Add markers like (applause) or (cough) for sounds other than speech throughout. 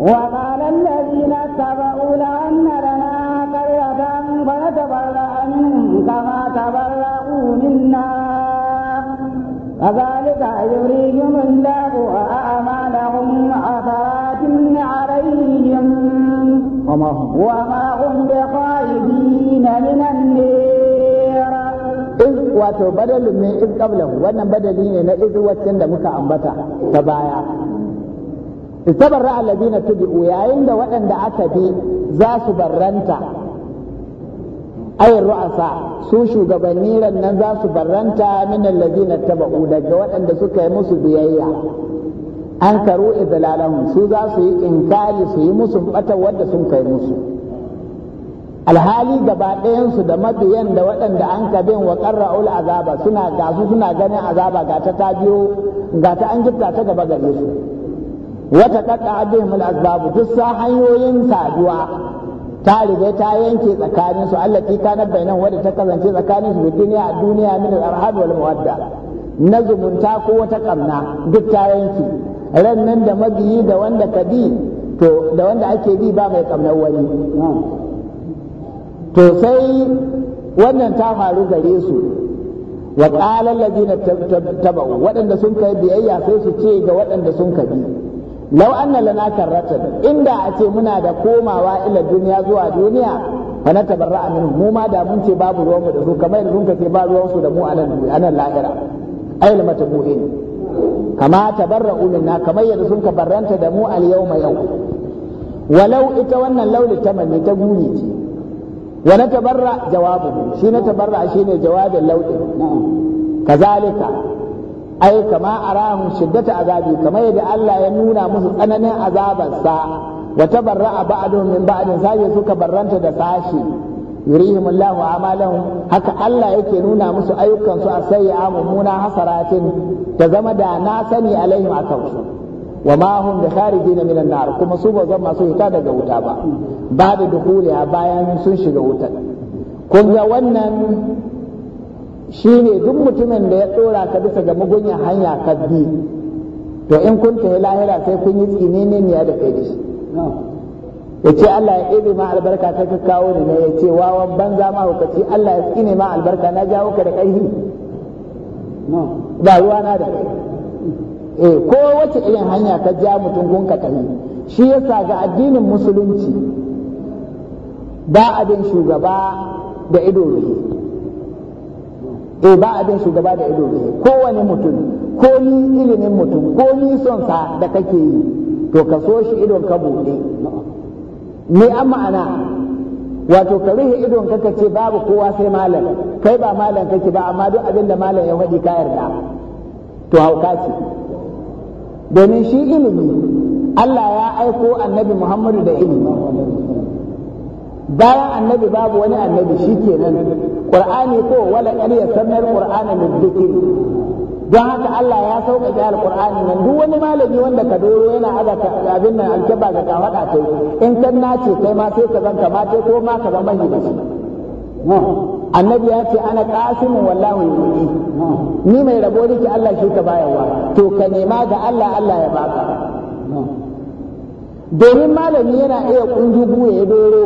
وقال الذين اتبعوا لأن لنا قرية فنتبرأ منهم كما تبرأوا منا كذلك يريهم الله أعمالهم حسرات عليهم وما هم بخائفين من النار wato badalun min iz qablahu wannan badali ne na iz waccan da muka ambata ta baya istabarra alladina tubi'u yayin da waɗanda aka bi za su barranta ayar ru'asa su shugabanni nan za su barranta min alladina taba'u daga waɗanda suka yi musu biyayya an karu idlalahum su za su yi inkari su yi musu batar wanda sun kai musu alhali gaba ɗayansu da mabiyan da waɗanda an ka bin wa ƙarra'ul azaba suna gasu suna ganin azaba ga ta ta biyo ga ta an gifta ta gaba gare su wata ɗaɗa abin azabu duk sa hanyoyin saduwa ta riga ta yanke tsakanin su Allah ki kana nan wanda ta kasance tsakanin su duniya a duniya min al-arhad wal muwadda na zumunta ko wata ƙamna duk ta yanke ran nan da mabiyi da wanda ka bi to da wanda ake bi ba mai ƙamnar wani to sai wannan ta faru gare su wa qala alladhina tabau waɗanda sun kai biyayya sai su ce ga waɗanda sun kai. law anna lana karratan inda a ce muna da komawa ila duniya zuwa duniya fa na tabarra minhum mu ma da mun ce babu ruwan mu da su kamar yadda sun ce ba ruwan su da mu anan anan lahira ayyul matabu'in kama tabarra'u minna kamar yadda sun ka barranta da mu al yawma yau walau ita wannan lauli tamanni ta guri ce Wani tabarra jawabu shi na tabarra shine jawabin lauɗi kazalika ai kama arahum shiddata azabi kamar yadda Allah ya nuna musu tsananin azabarsa wa tabarra ba'dhum min ba'adin sai suka barranta da sashi yurihim Allahu amalan haka Allah yake nuna musu ayyukansu a sayyi'a mummuna hasaratin ta zama da na sani alaihim a kansu wa ma hum bi kharijina minan nar kuma su ba zan masu hita daga wuta ba ba da a bayan sun shiga wutar kun ga wannan shine duk mutumin da ya dora ka bisa ga mugunya hanya ka bi to in kun ta lahira sai kun yi tsine ne da kai da shi ya ce Allah ya ɗebe ma albarka ta kawo ne ya ce wawan banza ma hukaci Allah ya tsine ma albarka na jawo ka da ƙarfi ba ruwa na da kai eh ko wace irin hanya ka ja mutum kun ka tafi shi yasa ga addinin musulunci ba abin shugaba da ido rufe eh ba abin shugaba da ido rufe kowane mutum ko ni ilimin mutum ko ni son sa da kake yi to ka so shi idon ka bude me an ma'ana wato ka rufe idon ka ka ce babu kowa sai malam kai ba malam kake ba amma duk abin da malam ya faɗi ka yarda to hauka ce domin shi ilimi Allah ya aiko annabi Muhammadu da ilimi bayan annabi babu wani annabi shi kenan ƙur'ani ko wala qad yasanna qur'ana lidhikr don haka Allah ya sauƙaƙe alƙur'ani nan duk wani malami wanda ka doro yana aza abin nan alkeba ga kafaɗa kai in kan nace kai ma sai ka zan sai ko ma ka zama hidashi annabi ya ce ana kasimin wallahu yuti ni mai rabo nake Allah shi ka bayarwa to ka nema ga Allah Allah ya baka domin malami yana iya kunjugu ya doro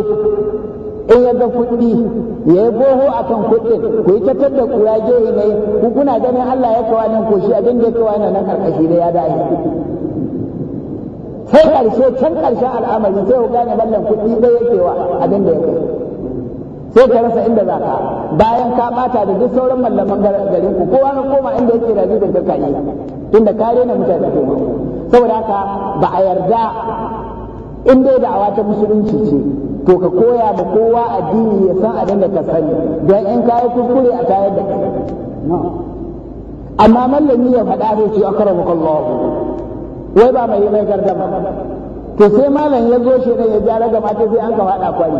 in ya ga kuɗi ya yi boho a kan kuɗin ku yi tattar da kura gehe ne ku kuna ganin Allah ya kawo nan koshi a abin da ya kawo nan karkashi da ya dace sai ƙarshe can ƙarshen al'amari sai ku gane mallan kuɗi ɗaya yake wa abin da ya kai sai ka rasa inda za ka bayan ka bata da duk sauran mallaman garin ku kowa na koma inda yake da da kanka yi tunda ka rena mutane ko saboda haka ba a yarda in dai awa ta musulunci ce to ka koya ba kowa addini ya san abin da ka sani don in ka yi kuskure a tayar da kai amma mallami ya faɗa zai ce akramakallahu wai ba mai mai gardama to sai malam ya zo shi ne ya gyara gaba ta sai an ka faɗa kwari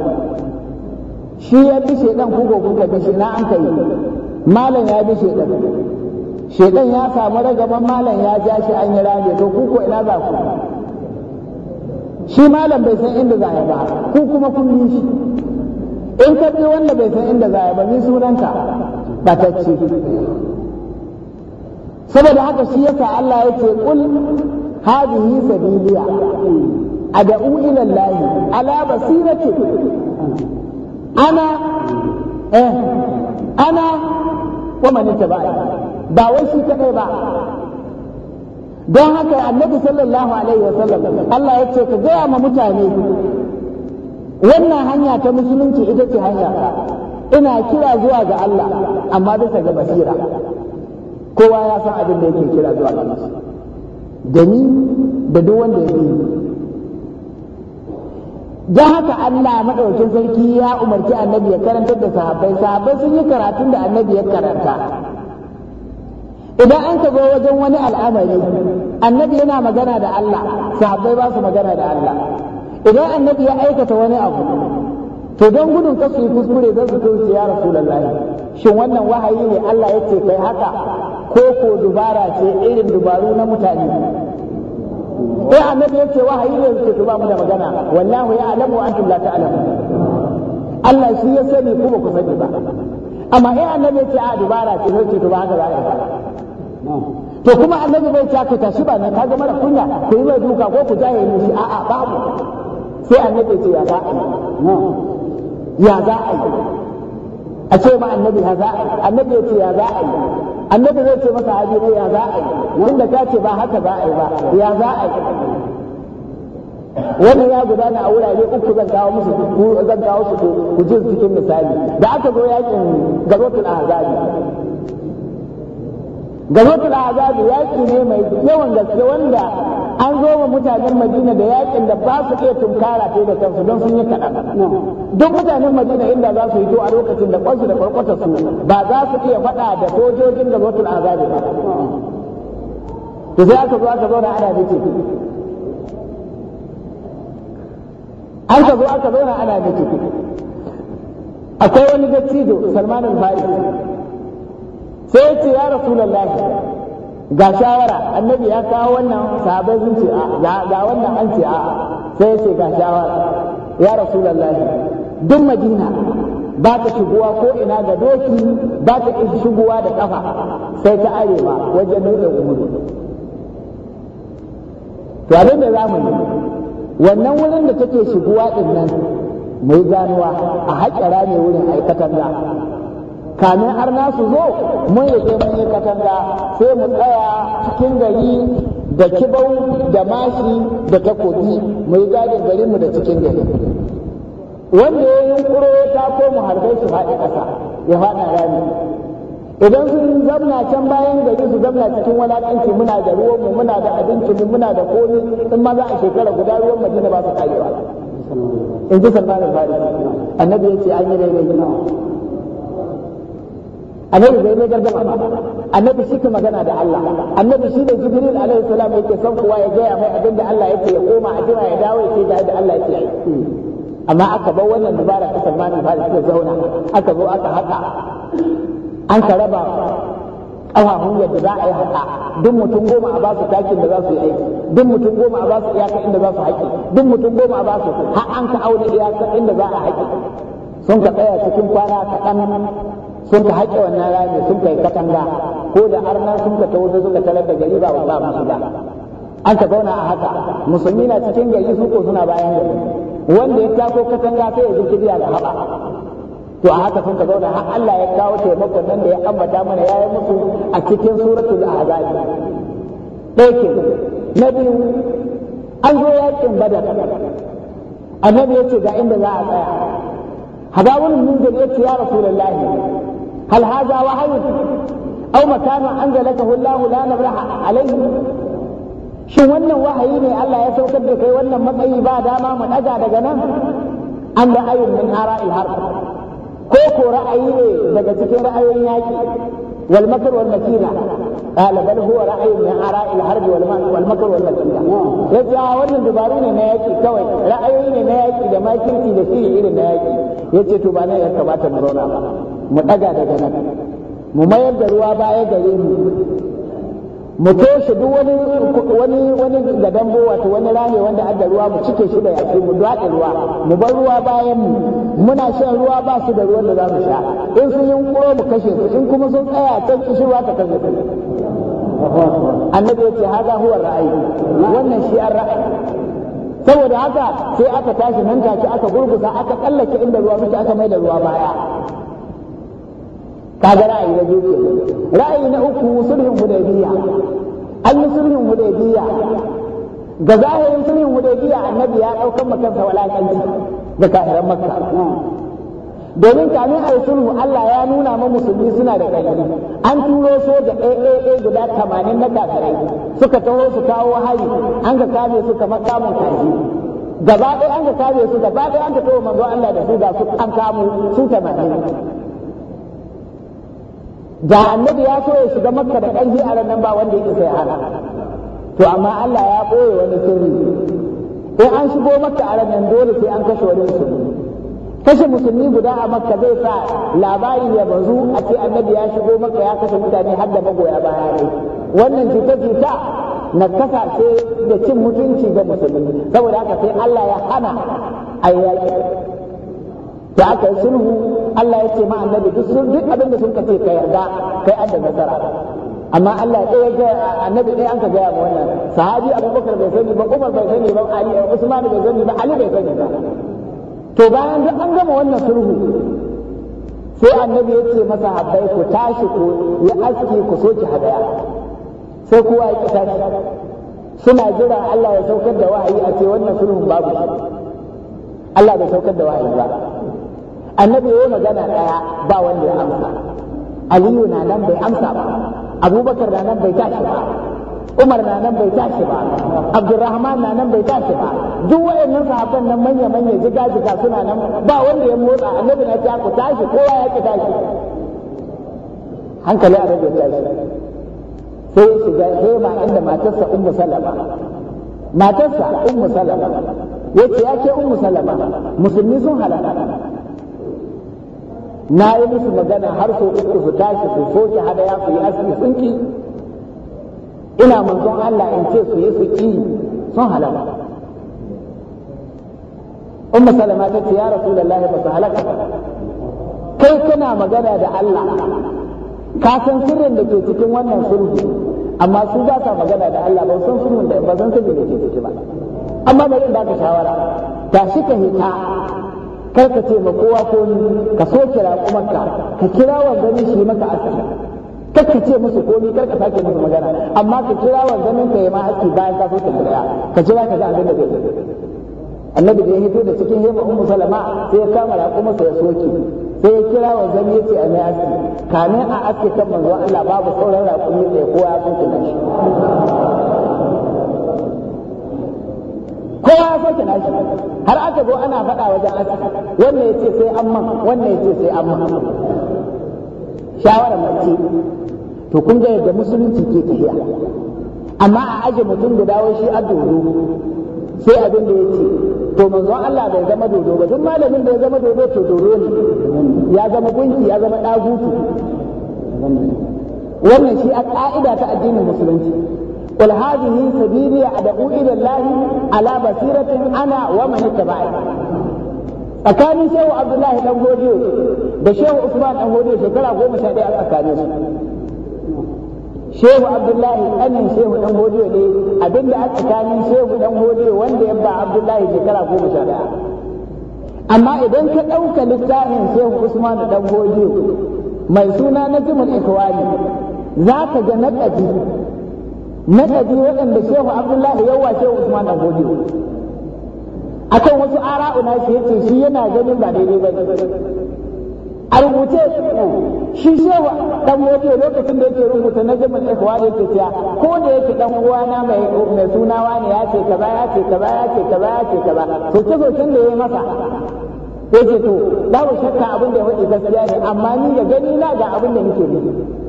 shi ya bi shaidan ko ko kun bi shi na an kai malam ya bi shaidan shaidan ya samu ragaban malam ya ja shi an yi rage to ku ko ina za ku shi malam bai san inda za ya ba ku kuma kun yi shi in ka bi wanda bai san inda za ya ba ni sunanta? batacce saboda haka shi yasa Allah ya ce kul hadhihi sabiliya ad'u ila Allah ala basirati ana eh ana wa man ba wai shi kadai ba don haka annabi sallallahu alaihi wasallam Allah ya ce ka gaya ma mutane wannan hanya ta musulunci ita ce hanya ina kira zuwa ga Allah amma bisa ga basira kowa ya san abin da yake kira zuwa ga Allah da ni da duk wanda ya bi don haka Allah maɗaukin sarki ya umarci annabi ya karantar da sahabbai sahabbai sun yi karatun da annabi ya karanta idan an ka zo wajen wani al'amari annabi yana magana da Allah sahabbai ba su magana da Allah idan annabi ya aikata wani abu to don gudun kasu yi kuskure don su kai ya rasulullahi shin wannan wahayi ne Allah ya ce kai haka ko ko dubara ce irin dubaru na mutane sai annabi ya ce wahayi ne yake to ba mu da magana wallahu ya alamu antum la ta'lamu Allah shi ya sani kuma ku sani ba amma eh annabi ya ce a dubara ki sai ce to ba haka za to kuma annabi bai ce ka tashi ba ka ga mara kunya ku yi mai duka ko ku jaye ne shi a'a babu sai annabi ce ya za a yi ya za a yi a ce ma annabi ya za a yi annabi ya ce ya za a yi annabi zai ce masa ne ya za a yi wanda ta ce ba haka za a yi ba ya za a yi wani ya gudana a wurare uku zan kawo musu ku zan kawo su ku ji cikin misali da aka zo yakin gazotul azabi a azabi yaki ne mai yawan gaske wanda an zo wa mutanen madina da yakin da ba su iya tunkara ta da kansu don sun yi kaɗan duk mutanen madina inda za su yi to a lokacin da kwansu da kwarkwata su ba za su iya faɗa da sojojin da a azabi ba to sai aka zo aka na ana miki an zo aka na ana miki akwai wani dattijo salman al-faris sai ya ce ya rasulullahi ga shawara annabi ya kawo wannan sabon sun ce ga wannan an ce a sai ya ce ga shawara ya rasulullahi duk madina ba ta shigowa ko ina ga doki ba ta shigowa da ƙafa sai ta arewa wajen nuna umuru to abin da za mu yi wannan wurin da take shigowa din nan mai ganuwa a haƙƙara ne wurin aikatar da kamin har nasu zo mun yi sai mun yi katanga sai mu tsaya cikin gari da kibau da mashi da takobi mu yi gadin gari mu da cikin gari wanda ya yi kuro ta ko mu harbai su faɗi ƙasa ya faɗa rami idan sun zamna can bayan gari su zamna cikin wulaƙanci muna da mu muna da mu muna da komi in ma za a shekara guda ruwan madina ba su karewa in ji wa sallam annabi ya ce an yi daidai annabi bai mai gargama ba annabi shi ke magana da Allah annabi shi ne jibril alaihi salam yake son kowa ya gaya mai abin da Allah yake ya koma a jira ya dawo ya ga da Allah yake amma aka bar wannan dubara ta Salman ba da suka zauna aka zo aka haka an ka raba ƙafafun yadda za a yi haka duk mutum goma a basu takin da za su yi aiki duk mutum goma a basu iyaka inda za su haƙi duk mutum goma a basu har an ka aure iyaka inda za a haƙi sun ka tsaya cikin kwana kaɗan sun ka haƙe wannan rami sun kai katanga ko da arna sun ka tawo suka talar da gari ba ba ba musu ba an ka zauna a haka musulmi na cikin gari su ko suna bayan gari wanda ya tako katanga sai ya zuci biya da haɓa to a haka sun ka zauna har Allah ya kawo taimakon nan da ya ambata mana yayin musu a cikin suratul ahzab ɗaya na biyu an zo yakin badar annabi ya ce ga inda za a tsaya habawun mun ya ce ya rasulullahi هل هذا وحي أو مكان أنزلته الله لا نبرح عليه shin wannan wahayi ne Allah ya saukar da kai wannan matsayi ba dama mu daga daga nan an ra'ayin min ara'i harb ko ko ra'ayi ne daga cikin ra'ayoyin yaki wal makr wal makina qala bal huwa ra'ayin min ara'il harb wal wal makr wal makina yace a wannan dubaru ne na yaki kawai ra'ayoyi ne na yaki da makirci da sirri irin na yaki yace to ba ne ya kamata mu zauna ba mu daga daga nan mu mayar da ruwa baya gare mu mu toshe duk wani wani wani gadan wato wani rami wanda adda ruwa mu cike shi da yaki mu dwaɗe ruwa mu bar ruwa bayan mu muna shan ruwa ba su da ruwan da za mu sha in sun yi mu kashe su in kuma sun tsaya kan kishirwa ta kashe annabi yace hada huwa ra'ayi wannan shi an ra'ayi saboda haka sai aka tashi nan take aka gurgusa aka tsallake inda ruwa muke aka mai da ruwa baya kaga ra'ayi na biyu ra'ayi na uku sulhun hudaybiya an yi sulhun hudaybiya ga zahirin sulhun hudaybiya annabi ya daukan makansa walakanci da kafiran makka domin kamin a sulhu Allah ya nuna ma musulmi suna da ƙarfi an turo soja AAA guda 80 na kafirai suka taho su kawo hari an ga kame su kamar kamun kaji gaba ɗaya an ga kame su gaba ɗaya an ga tawo manzo Allah da su ga su an kamo su 80 ga annabi ya so ya shiga makka da ɗan a ranar ba wanda yake sai hana to amma Allah ya ɓoye wani sirri in an shigo makka a ranar dole sai an kashe wani musulmi kashe musulmi guda a makka zai sa labari ya bazu a ce annabi ya shigo makka ya kashe mutane har da magoya baya ne wannan jita-jita na kasashe da cin mutunci ga musulmi saboda haka sai Allah ya hana a yaƙi da aka yi sulhu Allah ya ce ma annabi duk duk abin sun kace ka yarda kai an da nasara amma Allah ɗaya ga annabi ɗaya an ka gaya ma wannan sahabi Abubakar bai sani ba Umar bai sani ba Ali Usman bai sani ba Ali bai sani ba to bayan duk an gama wannan sulhu sai annabi ya ce masa habbai ku tashi ku ya aski ku soki hadaya sai kowa ya tashi suna jira Allah ya saukar da wahayi a ce wannan sulhun babu shi Allah bai saukar da wahayi ba annabi yayi magana daya ba wanda ya amsa aliyu na nan bai amsa ba abubakar na nan bai tashi ba umar na nan bai tashi ba abdurrahman na nan bai tashi ba duk wayannan sahabban nan manya manya jiga jiga suna nan ba wanda ya motsa annabi na ta ku tashi kowa ya ki tashi hankali a rage tashi sai ya shiga hema inda matarsa ummu salama matarsa ummu salama yace ya ce ummu salama musulmi sun halaka na yi musu magana har so uku su tashi su soke hadaya su yi aski sun ki ina manzon Allah in ce su yi su ki sun halala umma salama ta ce ya rasulullahi ba su halaka kai kana magana da Allah ka san sirrin da ke cikin wannan sulhu amma su ba sa magana da Allah ba san sulhun da ba san sirrin da ke ciki ba amma bari in baka shawara tashi ka hita kar ka ce ma kowa ko ni ka so kira kuma ka ka kira wanzami shi maka aski kar ka ce musu ko ni kar ka sake musu magana amma ka kira wanzamin ka yi ma aski bayan ka so kira daya ka jira ka ga abin da zai annabi da ya hito da cikin hema ummu salama sai ya kama raƙuma sai ya soke sai ya kira wa ya ce a mai aski kamin a aske kan manzon Allah babu sauran raƙumi sai kowa ya soke shi kwatanta shi har aka zo ana faɗa wajen aka wannan ya ce sai amma wannan ya ce sai amma shawarar mace to kun ga yadda musulunci ke tafiya amma a aje mutum guda wai shi adodo sai abin da ya ce to manzon Allah bai zama dodo ba duk malamin da ya zama dodo to dodo ne ya zama gunki ya zama dagutu wannan shi a ka'ida ta addinin musulunci قل هذه سبيلي أدعو إلى الله على بصيرة أنا ومن اتبعني tsakanin shehu abdullahi dan da shehu usman dan shekara goma sha ɗaya a tsakanin su shehu abdullahi ɗanin shehu dan godiyo ne abinda a tsakanin shehu dan wanda ya ba abdullahi shekara goma sha amma idan ka ɗauka littafin shehu usman dan mai suna na jimul za ka ga naƙaji na waɗanda shehu abdullahi yawa shehu usman na gobe akan wasu ara'u na shi yace shi yana ganin ba daidai ba a rubuce shi shehu dan godiyo lokacin da yake rubuta na jami'in ikhwa da yake cewa ko da yake dan na mai mai suna wani ya ce kaza ya ce kaza ya ce kaza ya ce kaza to ce zocin da yayi masa yace to babu shakka abin da ya faɗi gaskiya ne amma ni da gani na ga abin da nake gani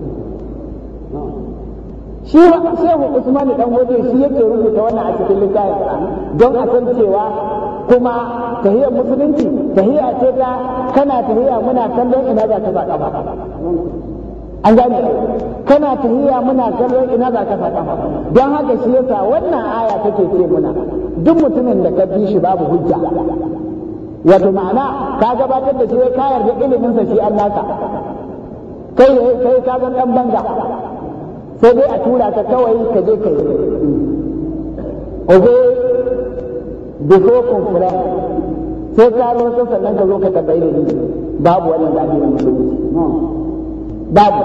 shi shehu usman dan waje shi yake rubuta wannan a cikin littafin don a san cewa kuma tahiyar musulunci tahiya ce ta kana tahiya muna kallon ina za ka ba kafa an gane kana tahiyya muna kallon ina za ka ba kafa don haka shi yasa wannan aya take ce muna duk mutumin da ka bi shi babu hujja wato ma'ana ka gabatar da shi ka yarda ilimin sa shi Allah ka kai kai ka ɗan dan banga sai dai a tura ka kawai ka je ka yi obey kun conference sai ka zo sannan ka zo ka tabbai da babu wannan da ake musulunci babu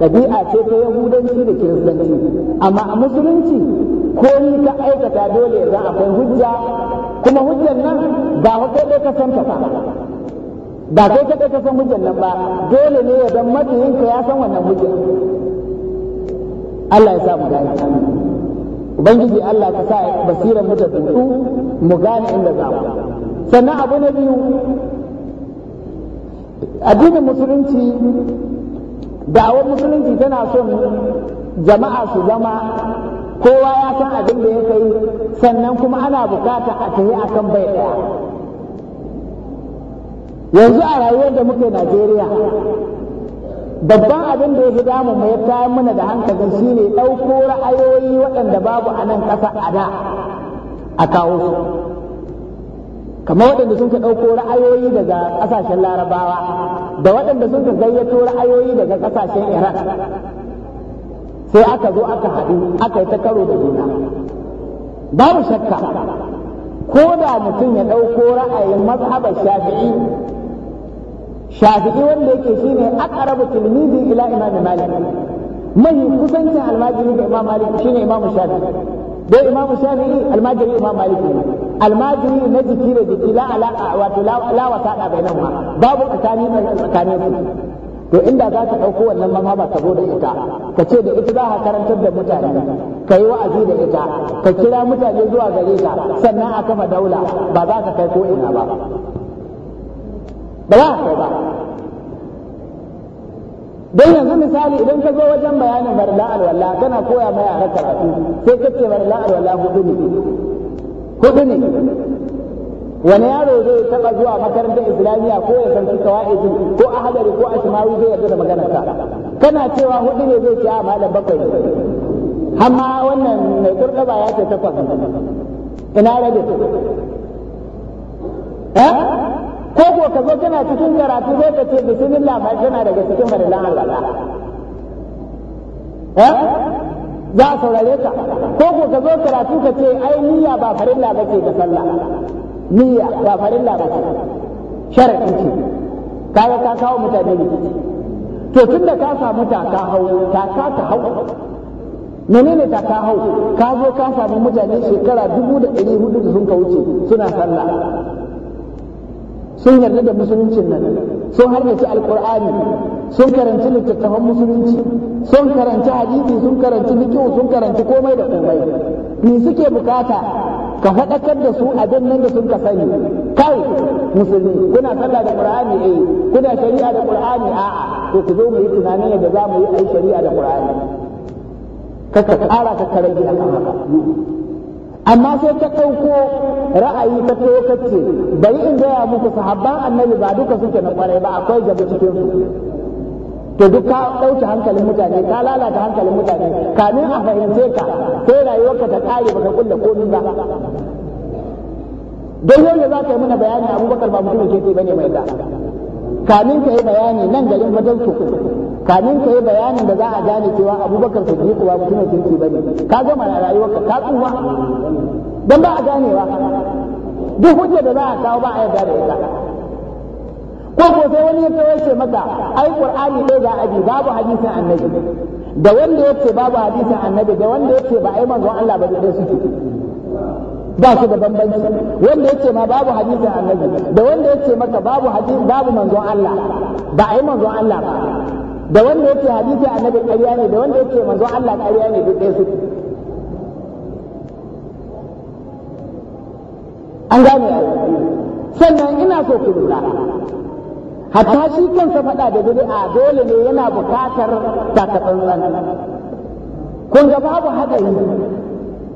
ɗabi'a ce ta yahudanci da kiristanci amma a musulunci ko ni ka aikata dole za akwai hujja kuma hujjan nan ba kai ɗaya ka san ta ba ba kai ka ɗaya ka san hujjan nan ba dole ne ya zan ka ya san wannan hujjan Allah ya sa mu gane ubangiji Allah ka sa basiran mu ta tutu mu gane inda za mu sannan abu na biyu addinin musulunci da'awar musulunci tana son jama'a su zama kowa ya san abin da ya kai sannan kuma ana bukata a tafi akan bai daya yanzu a rayuwar da muke Najeriya babban abin da ya fi damu mai kayan mana da hankali shine ɗauko ra'ayoyi waɗanda babu a nan ƙasa a da a kawo su kamar waɗanda sun ka ɗauko ra'ayoyi daga ƙasashen larabawa da waɗanda sun ka gayyato ra'ayoyi daga ƙasashen iran, sai aka zo aka haɗu aka yi ta karo da juna babu shakka ko da mutum ya ɗauko ra'ayin mazhabar shafi'i shafi'i wanda yake shine aqrabu tilmidi ila imam malik mai kusancin almajiri da imam malik shine imam shafi'i dai imam shafi'i almajiri imam malik almajiri na jiki da jiki la ala wato la wata da bainahuma babu tsakani tsakanin su to inda za ka ɗauko wannan mazhaba ka zo da ita ka ce da ita za ka karantar da mutane ka yi wa'azi da ita ka kira mutane zuwa gare ta sannan a kafa daula ba za ka kai ko ina ba ba za a kai ba don yanzu misali idan ka zo wajen bayanin barla alwala kana koya ma yara karatu sai ka ce barla alwala hudu ne hudu ne wani yaro zai taba zuwa makarantar islamiyya ko ya san wa'izi ko ahadari ko ashmawi zai yarda da maganar ka kana cewa hudu ne zai ce a ah, malam bakwai ne amma wannan mai ba ya ce takwas ina rabe eh? ko ko ka zo kana cikin karatu zai ka ce bismillah ba yana daga cikin marilan Allah eh za a saurare ka ko ko ka zo karatu ka ce ai niyya ba farilla bace da sallah niyya ba farilla bace sharadi ce kaga ka kawo mutane ne to tunda ka samu ta ka hau ta ka ta hau menene ta ka hau ka zo ka samu mutane shekara dubu da ɗari hudu da sun ka wuce suna sallah sun yarda da musuluncin nan sun harkaci alkur'ani sun karanci littattafan musulunci sun karanci hadisi sun karanci fiqh sun karanci komai da komai ni suke bukata ka faɗakar da su abin nan da sun ka sani kai musulmi kuna sallah da qur'ani eh kuna shari'a da qur'ani a'a to ku zo mu yi tunanin yadda za mu yi ai shari'a da qur'ani ka ƙara ka rage akan amma sai ka ɗauko ra'ayi ta ɗaya bari in gaya muku sahabban annabi ba duka suke na kwarai ba akwai gaba cikin su to duk ka ɗauke hankalin mutane ka lalata hankalin mutane kamin a fahimce ka sai rayuwarka ta ƙare baka kulle komai ba don yau za ka yi mana bayani abubakar ba mutumin ke ba ne mai da kamin ka yi bayani nan garin wajen su kamin ka yi bayanin da za a gane cewa abubakar siddiq ba mutumin kirki ne ka gama na rayuwarka ka tsufa Don ba a gane ba duk hujja da za a kawo ba a yarda da ita ko ko sai wani ya kawo ce maka ai qur'ani dai za a bi babu hadisin annabi da wanda ce babu hadisin annabi da wanda ce ba ai manzon Allah ba dai su ba su da bambanci wanda ce ma babu hadisin annabi da wanda ce maka babu hadisi babu manzon Allah ba ai manzon Allah ba da wanda yake hadisi annabi ƙarya ne da wanda yake manzo Allah ƙarya ne duk ɗaya suke an gane sannan ina so ku lura hatta shi kansa faɗa da a dole ne yana buƙatar takatsantsan kun ga babu haɗari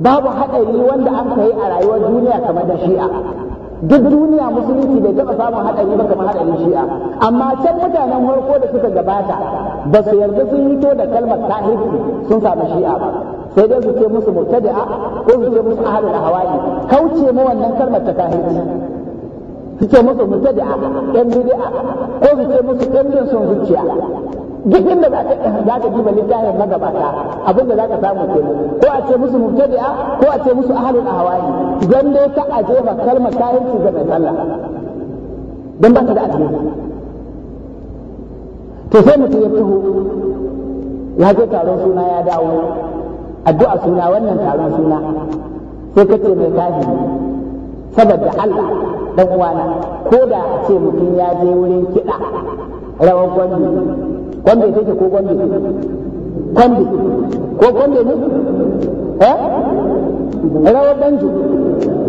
babu haɗari wanda an kai a rayuwar duniya kamar da shi'a duk duniya musulunci bai taɓa samun haɗari ba kamar haɗarin shi'a amma can mutanen farko da suka gabata ba su yarda sun hito da kalmar kafirci sun samu shi'a ba sai dai su ce musu mubtadi'a ko su ce musu ahlul hawa'i kauce mu wannan kalmar ta kafirci su ce musu mubtadi'a ɗan bid'a ko su ce musu ɗan son zuciya duk inda za ka za ka diba littafin magabata abinda za ka samu ke ko a ce musu mubtadi'a ko a ce musu ahlul ahwa'i dan dai ka a jefa kalmar kafirci ga mai sallah dan ba ta da asali to sai mutum ya taho ya je taron suna ya dawo addu'a suna wannan taron suna sai kace ce mai kafiri saboda Allah dan uwana ko da a ce mutum ya je wurin kiɗa rawar gwamnati kwande take ko kwande kwande ko kwande ne eh rawa banjo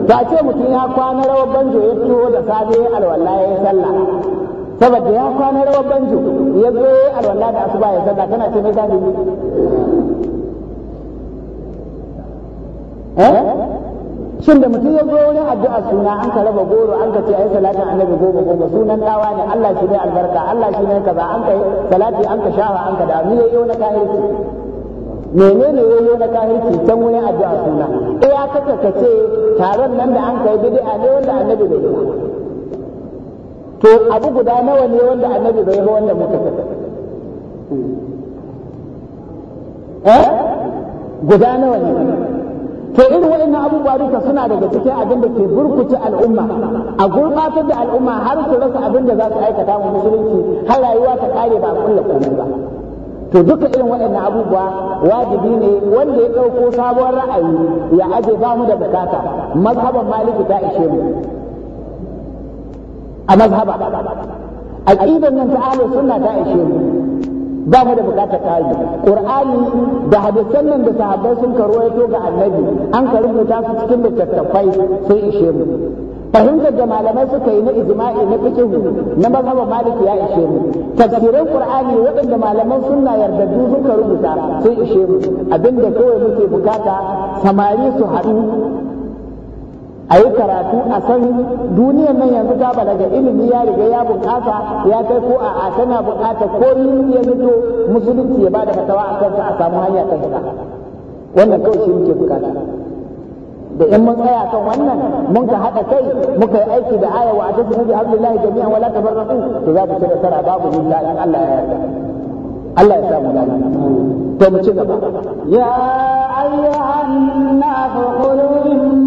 ba ce mutum ya kwana rawa banjo ya fito da safe alwala ya yi sallah saboda ya kwana rawa banjo ya zo alwala da asuba ya sallah tana ce mai zahiri eh shin da mutum ya zo wurin addu'a suna an ka raba goro an ka ce ayi salatin annabi goma goma sunan dawa ne Allah shi ne albarka Allah shi ne kaza an ka salati an ka shafa an ka da mu yayyo na kahirci menene yayyo na kahirci can wurin addu'a suna eh ya kaka ka ce taron nan da an kai bid'a ne wanda annabi bai yi to abu guda nawa ne wanda annabi bai yi wanda muka kaka eh guda nawa ne to irin waɗannan abubuwa duka suna daga cikin abin da ke burkuce al'umma a gurbatar da al'umma har su rasa abin da za su aikata mu musulunci har rayuwa ta kare ba kulla komai ba to duka irin waɗannan abubuwa wajibi ne wanda ya ɗauko sabon ra'ayi ya aje ba mu da bukata mazhaban maliki ta ishe mu a mazhaba aqidan nan ta ahlus sunna ta ishe mu ba mu da bukatar kayi qur'ani da hadisan nan da sahabbai sun karwaito ga annabi an ka rubuta su cikin littattafai sun ishe mu fahimtar da malamai suka yi na ijma'i na fiqh na mazhab maliki ya ishe mu tafsirin qur'ani waɗanda malaman sunna yardaddu suka rubuta sun ishe mu abinda kawai muke bukata samari su haɗu a yi karatu a san duniyar nan yanzu ta ga ilimi ya riga ya bukata ya kai ko a tana bukata ko ya fito musulunci ya bada fatawa a kansa a samu hanya ta fita wannan kawai shi muke bukata da in mun tsaya kan wannan mun ka haɗa kai muka yi aiki da aya wa atasu bi abdullahi jami'an wala tafarraqu to za ku ci nasara babu lillahi Allah ya yarda Allah ya samu lafiya to mu ci gaba ya ayyuhan nafu qulubin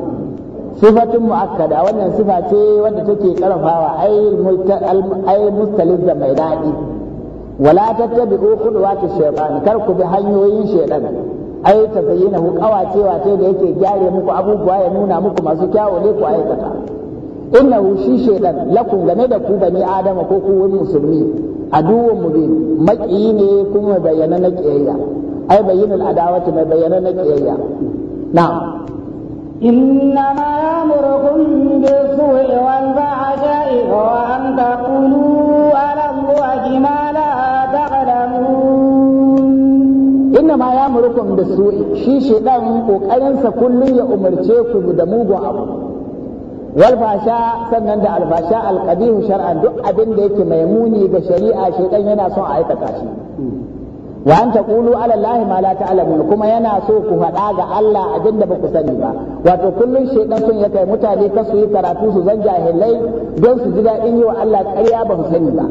sifatun mu'akkada wannan sifa ce wanda take karfawa ai mustalizza mai daɗi wala tattabi'u khulwati shaytan kar ku bi hanyoyin shaytan ai ta tabayyinahu kawacewa ce da yake gyare muku abubuwa ya nuna muku masu kyawu ne ku aikata innahu shi shaytan lakum game da ku bani adama ko ku wani musulmi aduwwun mubin maki ne kuma bayyana na kiyayya ai bayyinul adawati mai bayyana na kiyayya na'am إنما يأمركم بالسوء والفحشاء وأن تقولوا على الله ما لا تعلمون إنما يأمركم بالسوء شي شيطان ƙoƙarinsa kullum ya umarci ku da mugun abu walfasha sannan da alfasha alƙabihu shari'a duk abin da yake mai muni ga shari'a shaidan yana son a aikata shi wa an taqulu ala allahi ma la ta'lamun kuma yana so ku faɗa ga Allah abin da baku sani ba wato kullun shedan sun ya kai mutane ka su yi karatu su zan jahilai don su ji daɗin yi wa Allah ƙarya ba su sani ba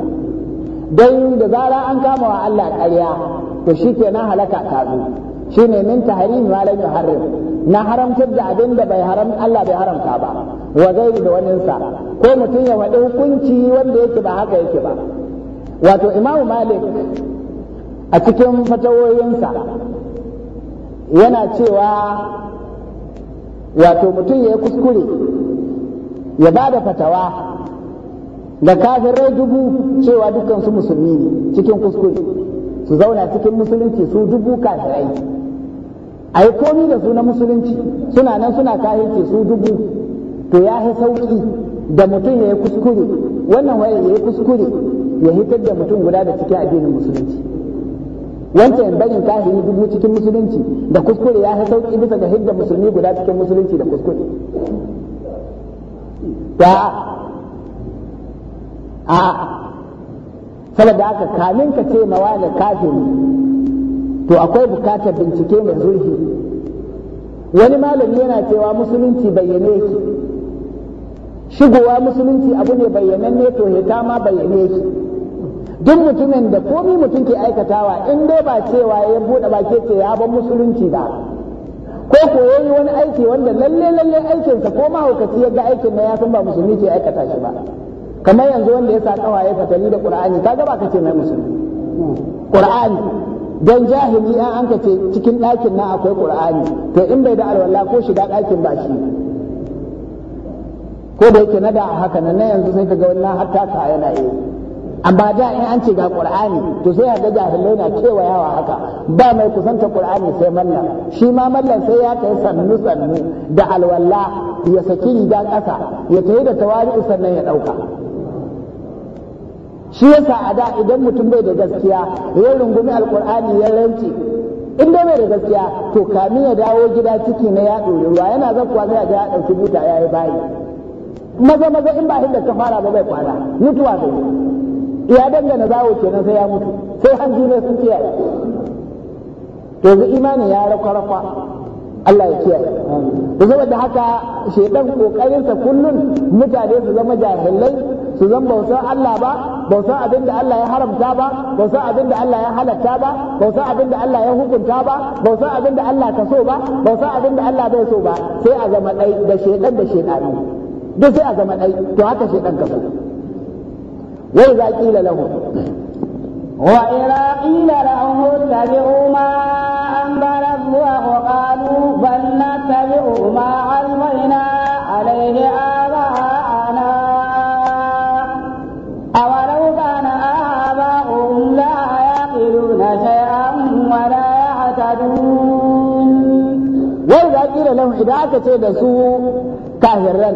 don da zara an kama wa Allah ƙarya to shikenan halaka ta zo shine min tahrim ma la yuharrim na haramtar da abin da bai haram Allah bai haramta ba wa da waninsa ko mutum ya faɗi hukunci wanda yake ba haka yake ba wato imamu malik a cikin fatawoyinsa yana cewa wato mutum ya yi kuskure ya ba da fatawa da kafirai dubu cewa dukansu musulmi ne cikin kuskure su zauna cikin musulunci su dubu kafirai a yi komi da su na musulunci suna nan suna kahirce su dubu to ya yi sauki da mutum ya yi kuskure wannan waye ya yi kuskure ya hitar da mutum guda da cikin addinin musulunci wancan barin kahiri dubu cikin musulunci da kuskure ya fi sauƙi bisa ga hidda musulmi guda cikin musulunci da kuskure Ta a saboda haka kamin ka ce mawa da kafiri to akwai bukatar bincike mai zurfi wani malami yana cewa musulunci bayyane ki shigowa musulunci abu ne bayyananne to ta ma bayyane ki duk mutumin da komi mutum ke aikatawa in dai ba cewa ya buɗe ke ce ya ban musulunci ba ko ko yayi wani aiki wanda lalle lalle aikinsa ko mahaukaci ya ga aikin na ya san ba musulmi ce aikata shi ba kamar yanzu wanda ya sa kawaye fatali da qur'ani kaga ba kace mai musulmi qur'ani dan jahili an anka ce cikin ɗakin na akwai qur'ani to in bai da alwala ko shiga ɗakin ba shi ko da yake na da haka nan na yanzu sai kaga wannan hatta ka yana yi amma da in an ce ga qur'ani to sai ga jahilai na kewayawa haka ba mai kusanta qur'ani sai mallan shi ma mallan sai ya kai sannu sannu da alwala ya saki riga ƙasa ya tayi da tawari'u sannan ya ɗauka. shi yasa a da idan mutum bai da gaskiya ya rungumi alqur'ani ya rance in bai da gaskiya to kamin ya dawo gida ciki na ya dore ruwa yana zakkuwa sai ga ya ɗauki buta ya yi bayi maza maza in ba inda ta fara ba bai kwana mutuwa zai ya dangana zawo kenan sai ya mutu sai han ne sun kiyaye to ga imani ya rafa Allah ya kiyaye to saboda haka shedan kokarin sa kullun mutane su zama jahilai su zama san Allah ba bautar abin da Allah ya haramta ba bautar abin da Allah ya halatta ba bautar abin da Allah ya hukunta ba bautar abin da Allah ka so ba bautar abin da Allah bai so ba sai a zama dai da shedan da shedani duk sai a zama dai to haka shedan ka so وإذا قيل له وإذا قيل لهم اتبعوا ما أنزل الله قالوا بل نتبع ما علمنا عليه آباءنا أولو كان آباؤهم لا يقلون شيئا ولا يعتدون وإذا قيل لهم إذا أتت سوء كاهرا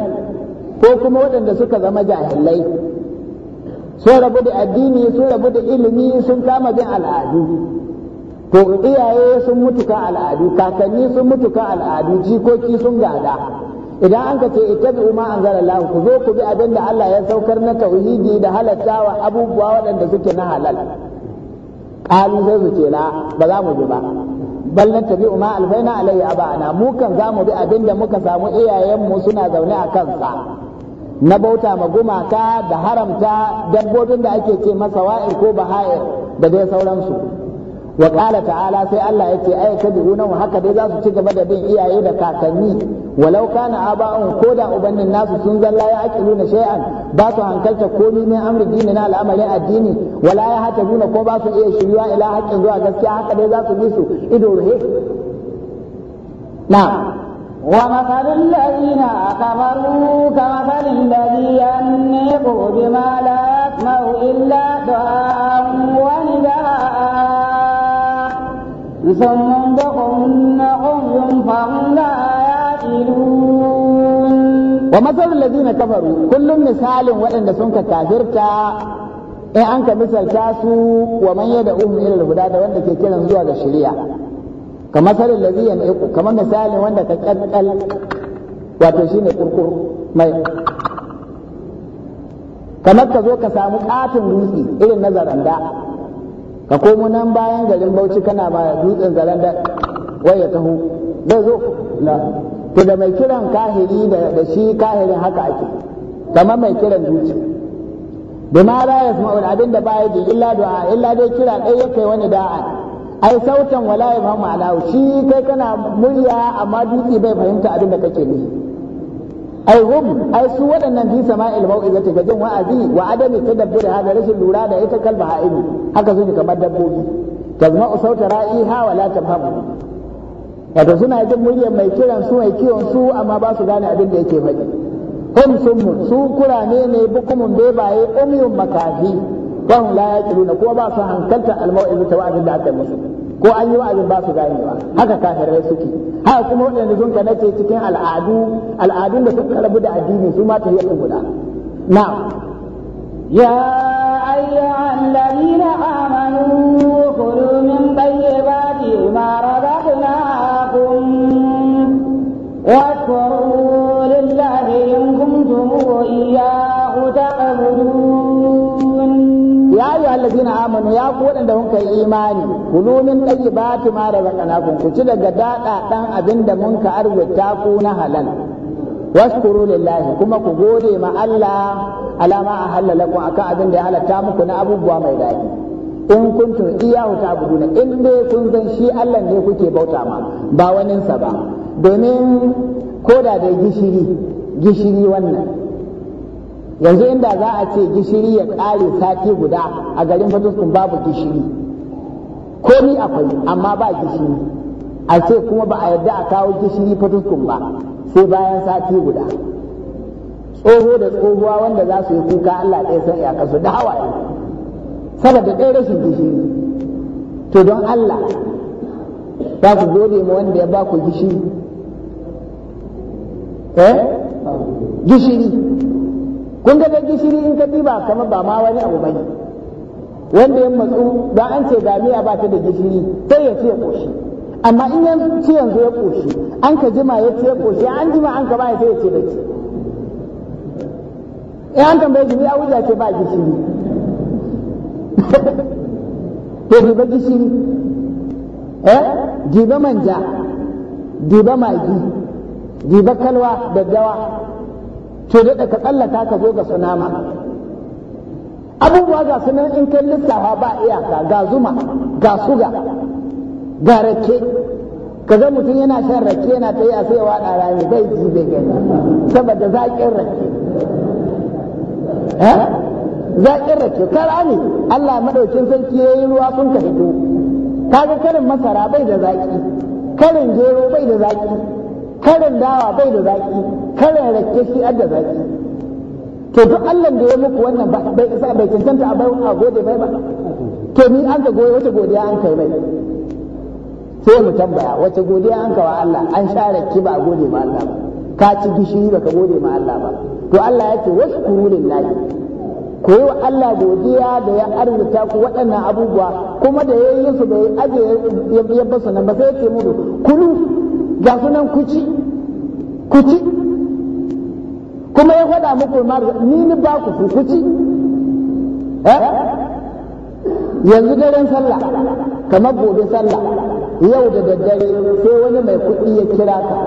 ko kuma waɗanda suka zama sun rabu da addini sun rabu da ilimi sun kama bin al'adu to iyaye sun mutu kan al'adu kakanni sun mutu kan al'adu jikoki sun gada idan an ka ce umar an zara lahu ku zo ku bi abin da Allah ya saukar na tauhidi da wa abubuwa waɗanda suke na halal qalu sai su ce ba za mu bi ba bal tabi umar alfaina alayhi ba mu kan za mu bi abin da muka samu iyayenmu suna zaune a kansa na bauta ma gumaka da haramta dabbobin da ake ce masa wai ko baha'ir da dai sauransu wa ƙala ta'ala sai Allah ya ce ai ka bi'una wa haka dai za su ci gaba da bin iyaye da kakanni walau kana aba'un ko da ubannin nasu sun zalla ya aqilu na shay'an ba su hankalta ni ne amri dini na al'amarin addini wala ya hata guna ko ba su iya shiriwa ila haƙƙin zuwa gaskiya haka dai za su bi su ido ruhe na'am ومثل الذين كفروا كمثل الذي ينيق بما لا يسمع إلا دعاء ونداء ثم بهم عمي فهم لا يعقلون ومثل الذين كفروا كل مثال وإن سنك كافرت in أنك مثل misalta ومن يدعوهم إلى yad'uhum وإنك al-huda da kamar kamar misalin wanda ka kyakkyal wato shine kurkuru mai kamar ka zo ka samu katin dutse irin na zaranda ka komo nan bayan garin bauchi kana ma dutsen zaranda wai ya taho zai zo to da mai kiran kahiri da shi kahirin haka ake kamar mai kiran dutse bima la yasma'u abinda baya ji illa du'a illa dai kira dai yake wani da'a ai sautan wala ya fahimta alahu shi kai kana murya amma dutse bai fahimta abin da kake nufi ai hum ai su waɗannan fi sama'il mau'izati ga jin wa'azi wa adami tadabbur hada rashin lura da ita kalba ha'imi haka su kamar dabbobi tazma'u sauta ra'iha wa la tafhamu wato suna jin muryar mai kiran su mai kiyon su amma ba su gane abin da yake faɗi hum sun su kurane ne bukumun bebaye umyun makafi fahim la yaqiluna ko ba su hankalta almau'izu ta wa'azin da aka musu ko an yi wa'azin ba su ganewa haka kafirai suke haka kuma waɗanda sun kanace cikin al'adu al'adun da suka rabu da addini su ma tahiyyatun guda na'am ya ayyuha amanu kulu min tayyibati ma razaqnakum wa amanu ya ku waɗanda kun kai imani kulu min tayyibati ma razaqnakum ku ci daga dada dan abinda mun ka arwata ku na halal washkuru lillahi kuma ku gode ma Allah alama a halalakum akan abin da ya halatta muku na abubuwa mai daɗi in kuntum iyahu ta'buduna in dai kun san shi Allah ne kuke bauta ma ba waninsa ba domin koda da gishiri gishiri wannan yanzu inda za a ce gishiri ya ƙare sati guda a garin fatuskun babu gishiri komi akwai amma ba gishiri a ce kuma ba a yarda a kawo gishiri fatuskun ba sai bayan sati guda tsoho da tsohuwa wanda za su yi kuka Allah ɗaya san kasu da hawaye saboda ɗaya rashin gishiri to don Allah za ku gode ma wanda ya ba ku gishiri eh gishiri kun ga gishiri in ka diba kamar ba ma wani abu bane wanda ya matsu ba an ce damiya ba ta da gishiri sai ya ce koshi amma in yan ce yanzu ya koshi an ka jima ya ce koshi an jima an ka ba ya ya ce da ci in an tambaye shi a wuja ce ba gishiri (laughs) to diba gishiri eh diba manja diba magi diba kalwa da dawa to da ka tsallaka ka zo ga sunama abubuwa ga sunan in kai lissafa ba iyaka ga zuma ga suga ga rake ka kaga mutum yana shan rake yana ta yi a sai waɗa rami bai ji bai gani saboda zaƙin rake eh? zaƙin rake kara ne Allah maɗaukin sarki ya yi ruwa sun ka fito ga karin masara bai da zaƙi karin gero bai da zaƙi karin dawa bai da zaki karin rake shi da zaki to duk Allah da ya muku wannan bai isa bai cancanta a bayan a gode mai ba to ni an ka goye wata godiya an kai mai sai mu tambaya wata godiya an kawa Allah an share ki ba gode ma Allah ba ka ci gishiri ba ka gode ma Allah ba to Allah yake washkuru lillahi ku yi wa Allah godiya da ya arzuta ku waɗannan abubuwa kuma da ya yi su bai aje ya basu nan ba sai ya ce mudu kulu ga sunan kuci kuci kuma ya faɗa muku ma ni ni ba ku kuci eh? yanzu daren sallah kamar gobe sallah yau da daddare sai wani mai kuɗi ya kira ka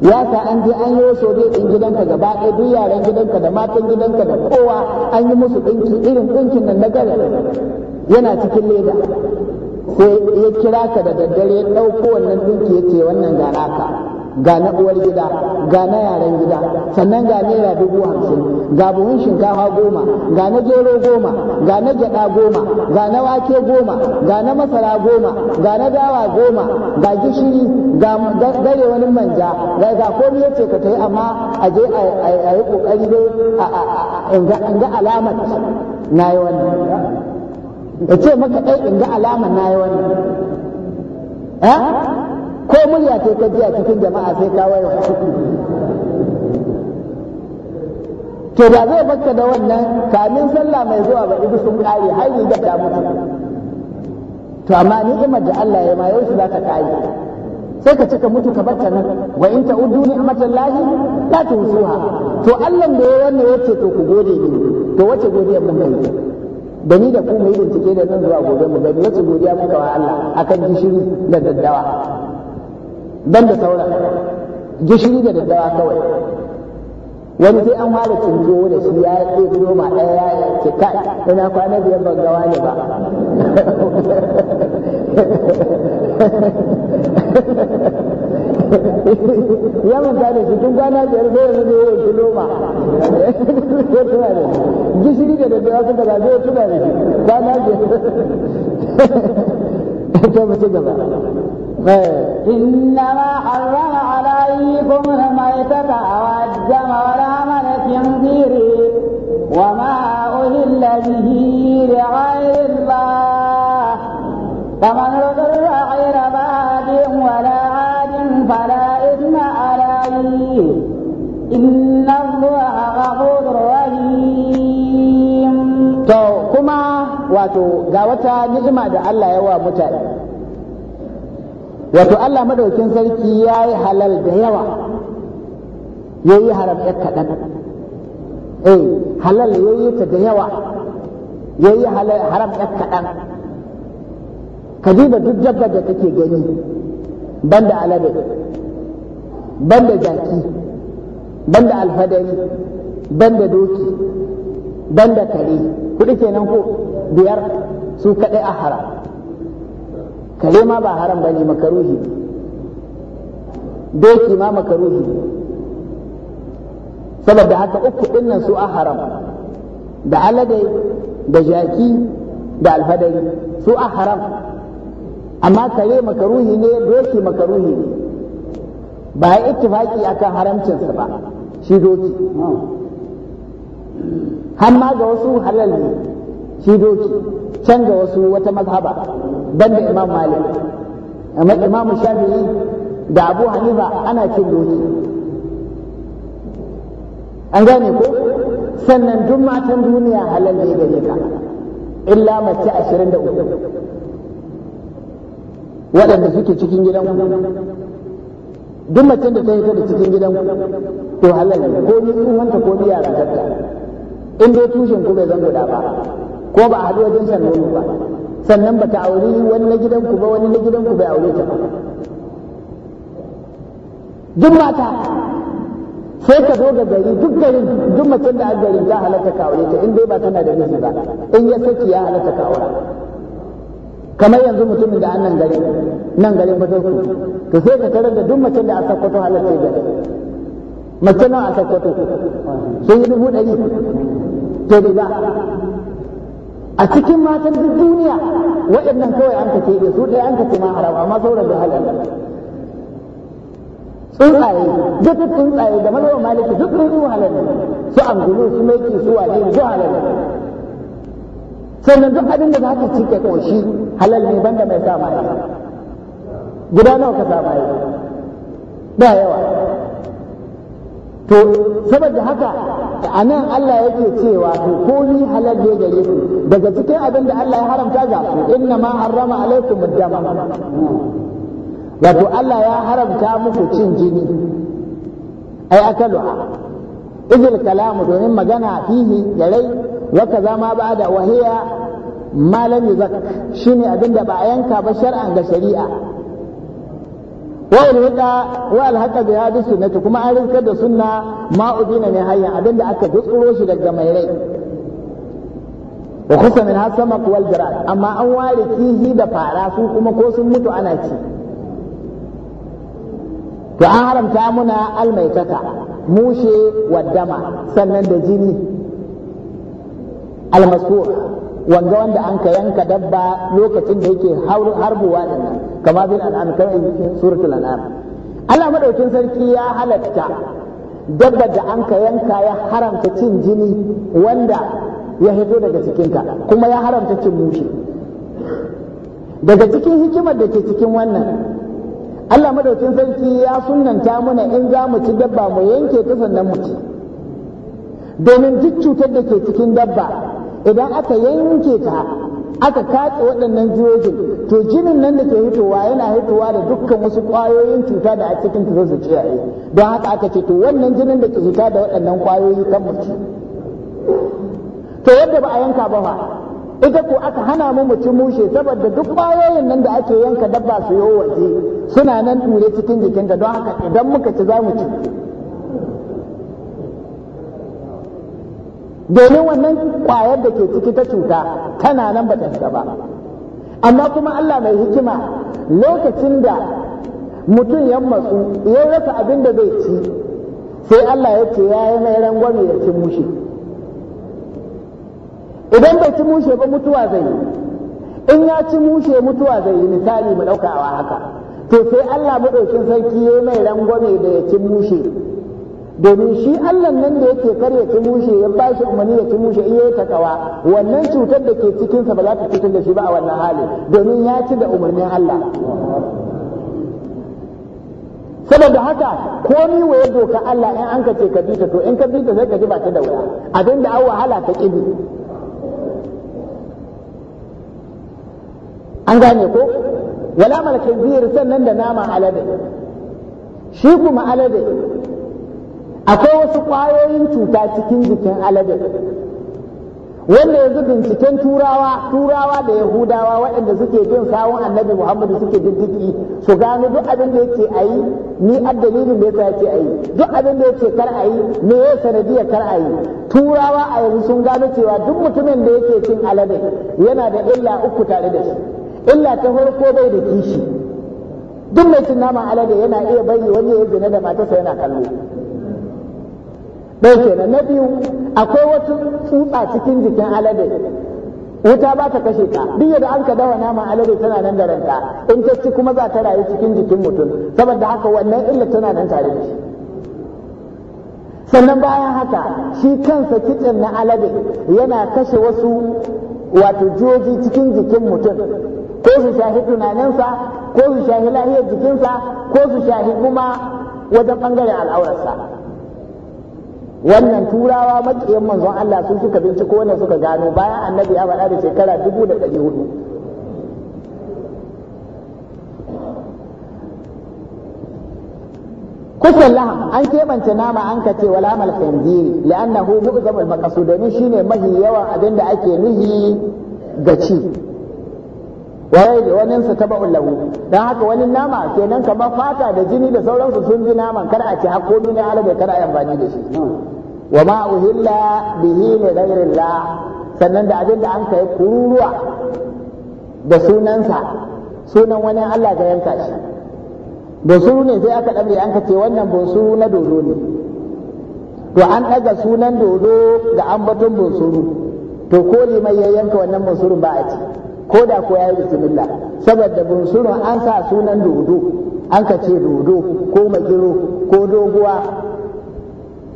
ya sa an je an yi wasu ɗin gidanka gaba ɗaya duk yaran gidanka da matan gidanka da kowa an yi musu ɗinki irin ɗinkin nan na gare yana cikin leda sai ya kira ka da daddare ya ɗauko wannan dunki ya ce wannan ga naka ga na uwar gida ga na yaren gida sannan ga naira dubu hamsin ga buhun shinkafa goma ga na gero goma ga na gyada goma ga na wake goma ga na masara goma ga na dawa goma ga gishiri ga gare wani manja ga ga komai yace ka tayi amma a je a yi kokari dai in ga alamar na yi wannan ya ce maka ɗai in ga alamar na yi wani ko murya ce ka jiya cikin jama'a sai ka waiwa to da zai baka da wannan kamin sallah mai zuwa ba idu sun kare har riga ta mutu to amma ni'imar da Allah ya mayo yau shi zaka kare sai ka cika mutu ka bata nan wa in ta ta'uddu ni'matan lahi la tuhsuha to Allah da ya wannan yace to ku gode ni to wace godiyar mun kai da ni da ku mai yi bincike da nan zuwa gobe mu gani wacce godiya muka wa Allah akan gishiri da daddawa dan da sauran gishiri da daddawa kawai wani sai an fara cinko da shi ya yi ma ɗaya ya ce kai ina kwana biyar ban gawa ne ba (laughs) ya manta da shi tun kwana biyar sai yanzu zai yi shi loma ko tuna da gishiri da da biya suka gaje ya tuna da shi kwana biyar to mu ci gaba eh. إنما حرم عليكم الميتة والدم ولحم الخنزير وما أهل به لغير الله فمن فلا إثم عليه إن الله غفور رحيم تو كما واتو غاوتا نعمة دا الله يوا متعب Allah sarki ya yi halal da yawa ya yi haram ya eh, ya yi ta da yawa ya yi haram ya kaɗan ka duk dabbar da kake gani banda alade banda jaki banda alfadari banda doki banda kare kuɗi kenan ko biyar su kadai a haram kare ma ba haram ba ne makaruhi doki ma makaruhi saboda haka uku ɗinnan su a haram da alade da jaki da alfadari su a haram amma kare makaruhi ne doki makaruhi ne ba ya ittifaki akan haramcinsa ba shi doki hamma ga wasu halal ne shi doki can ga wasu wata mazhaba ban da imam malik amma imam shafi'i da abu hanifa ana cin doki an gane ko sannan duk matan duniya halal ne gare ka illa mace ashirin da uku waɗanda suke cikin gidan duk mace da ta yi da cikin gidan to halal ne ko ni tsohonta ko ni yarantarta in dai tushen ku bai zan guda ba ko ba a haɗu wajen shan nono ba sannan ba ta aure wani na gidan ku ba wani na gidan ku bai aure ta ba duk mata sai ka zo ga gari duk garin duk macen da a yi ta halatta ka aure ta in dai ba tana da miji ba in ya saki ya halatta ka aure kamar yanzu mutumin da annan gari nan garin bazarku to sai ka tarar da duk mace da a sakkwato halatta da mace nan a sakkwato sai yi dubu ɗari to da a cikin matan duk duniya waɗannan kawai an ka keɓe su ɗaya an ka ce ma haram amma sauran da halal tsuntsaye duk tsuntsaye da malawar maliki duk tsuntsu halal su angulu su meki su waje su halal sannan duk abin da za ka ci ka ƙoshi halal ne banda mai sa mai guda nawa ka sa mai ba yawa to saboda haka a nan Allah yake cewa to ko ni halal ne gare ku daga cikin abin da Allah ya haramta ga ku inna ma harrama alaikum dama wato Allah ya haramta muku cin jini ai akalu izil kalamu domin magana fihi yarai wa ka zama ba da wahiyar malami ba shi ne abin da ba a yanka ba sharan ga shari'a ko in yada ko alhaka zai haɗu sun na kuma an rinkar da suna ma'aiduna mai hanyar abin da aka gudu shi daga mai rai. bakwai sanin har sama kwal jaras amma an wari kishi da farashi kuma ko sun mutu ana ci to an haramta muna almaikaka mushe waɗanne sannan da jini. almasu wanga wanda an ka yanka dabba lokacin da yake harbuwa da nan kama bin al'am kamar suratul al'am Allah madaukin sarki ya halatta dabba da an ka yanka ya haramta cin jini wanda ya hito daga cikinta kuma ya haramta cin mushi daga cikin hikimar da ke cikin wannan Allah madaukin sarki ya sunnanta mana in za mu ci dabba mu yanke ta sannan mu ci domin duk cutar da ke cikin dabba idan aka yanke ta aka katse waɗannan jiyojin to jinin nan da ke hitowa yana hitowa da dukkan wasu ƙwayoyin cuta da a cikin ta zuciya yi don haka aka ce to wannan jinin da ke hita da waɗannan ƙwayoyi kan mutum to yadda ba a yanka ba ma, ita ko aka hana mu mutum mushe saboda duk ƙwayoyin nan da ake yanka dabba su yi waje suna nan ɗure cikin jikinta don haka idan muka ci za mu ci domin wannan kwayar da ke ciki ta cuta tana nan ba ta shiga ba amma kuma Allah mai hikima lokacin da mutum ya matsu ya rasa abin da zai ci sai Allah ya ce ya yi mai rangwame ya ci mushe idan bai ci mushe ba mutuwa zai yi in ya ci mushe mutuwa zai yi misali mu ɗaukawa haka to sai Allah maɗaukin sarki ya yi mai rangwame da ya ci mushe domin shi Allah nan da yake karya ci mushe ya ba shi umarni ya ci mushe iya ya takawa wannan cutar da ke cikinsa ba za ta cutar da shi ba a wannan hali domin ya ci da umarnin Allah saboda haka ko ni waye doka Allah in an ka ce ka bita to in ka bita sai ka ji ba ta da wuya abin da an wahala ta kibi an gane ko wala malakin sannan da nama alade shi kuma alade akwai wasu ƙwayoyin cuta cikin jikin alade wanda yanzu binciken turawa turawa da yahudawa waɗanda suke bin sawun annabi muhammadu suke bintiki su gano duk abin da yake a yi ni addalilin da yasa yake a yi duk abin da yake kar a yi me ya sanadiyar kar a yi turawa a yanzu sun gano cewa duk mutumin da yake cin alade yana da illa uku tare da shi illa ta farko bai da kishi duk mai cin naman alade yana iya bari wani ya zina da matarsa yana kallo ɗaya kenan na biyu akwai wata tsutsa cikin jikin alade wuta ba ta kashe ka duk yadda an ka dawa nama alade tana nan da ranta in ta ci kuma za ta rayu cikin jikin mutum saboda haka wannan illa tana nan tare da shi sannan bayan haka shi kansa kitsen na alade yana kashe wasu wato joji cikin jikin mutum ko su shahi tunaninsa ko su shahi lahiyar jikinsa ko su shahi kuma wajen bangaren al'aurarsa wannan turawa makiyan manzon Allah sun suka binciko wannan suka gano bayan annabi ya faɗa da shekara dubu da ɗari hudu kusan laham an keɓance nama an ka ce wala mal khinziri li'annahu mu'zamul maqsud domin shine mahi yawan abin da ake nuhi ga ci waye da waninsa ta ba'un lahu don haka wani nama kenan kamar fata da jini da sauransu sun ji naman kar a ci hakko ala alabai kar a yi amfani da shi wa ma uhilla bihi ne ghairillah sannan da abin da an kai kururuwa da sunansa sunan wani Allah ga yanka shi bosu ne sai aka dabre an kace ce wannan bosu na dodo ne to an daga sunan dodo da ambaton bosu to ko limai ya yanka wannan bosurun ba a ci ko da ko yayi bismillah saboda suna an sa sunan dodo an ka ce dodo ko majiro ko doguwa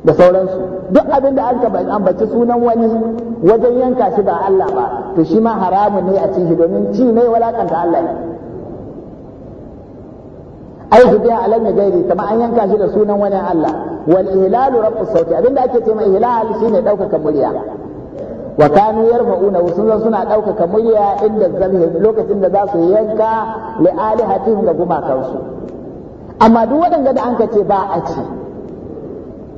da sauransu duk abin da an ka ambaci sunan wani wajen yanka shi ba Allah ba to shi ma haramun ne a cikin domin ci ne walakanta Allah ne ai su biya alam gairi kamar an yanka shi da sunan wani Allah wal ihlalu rabbus sauti abinda ake ce mai ihlal shine daukaka murya wa kanu yarfa'una sun zan suna ɗaukaka murya inda zalhi lokacin da za su yanka li alihatihim da su, amma duk waɗanga da an ce ba a ci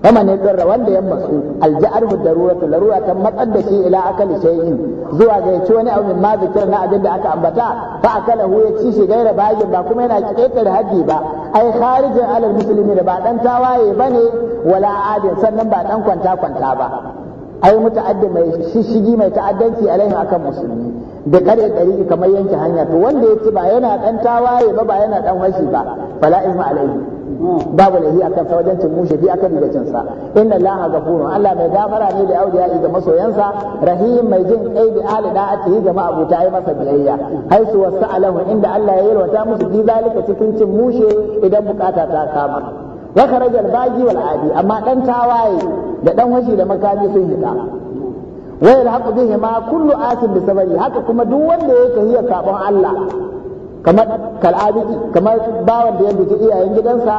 kama ne tsirra wanda ya matsu alja'ar daruratu larura ta matsar da shi ila akali shay'in zuwa ga yace wani abu ma zikir na abin da aka ambata fa kala ya ci shi gaira bayin ba kuma yana ƙetare haddi ba ai kharijin alal muslimi da ba dan tawaye bane wala adin sannan ba dan kwanta kwanta ba ai muta'addi mai shishigi mai ta'addanci a alaihi akan musulmi da kare dari kamar yanke hanya to wanda ya ci ba yana dan tawaye ba ba yana dan washi ba fala isma alaihi babu lahi akan sa wajen tumushe bi akan rigacin sa inna allaha ghafurun allah mai gafara ne da auliya ga masoyansa rahim mai jin kai da ali da ati ga ma'abuta ai masa biyayya haisu wasu alahu inda allah ya yalwata musu bi zalika cikin cin mushe idan bukata ta kama wa kharaja baji wal adi amma dan tawaye da dan washi da makami sun hita da yalhaqu bihi ma kullu atin bi sabari haka kuma duk wanda yake hiya kabon Allah kamar kamar bawan da ya biki iyayen gidansa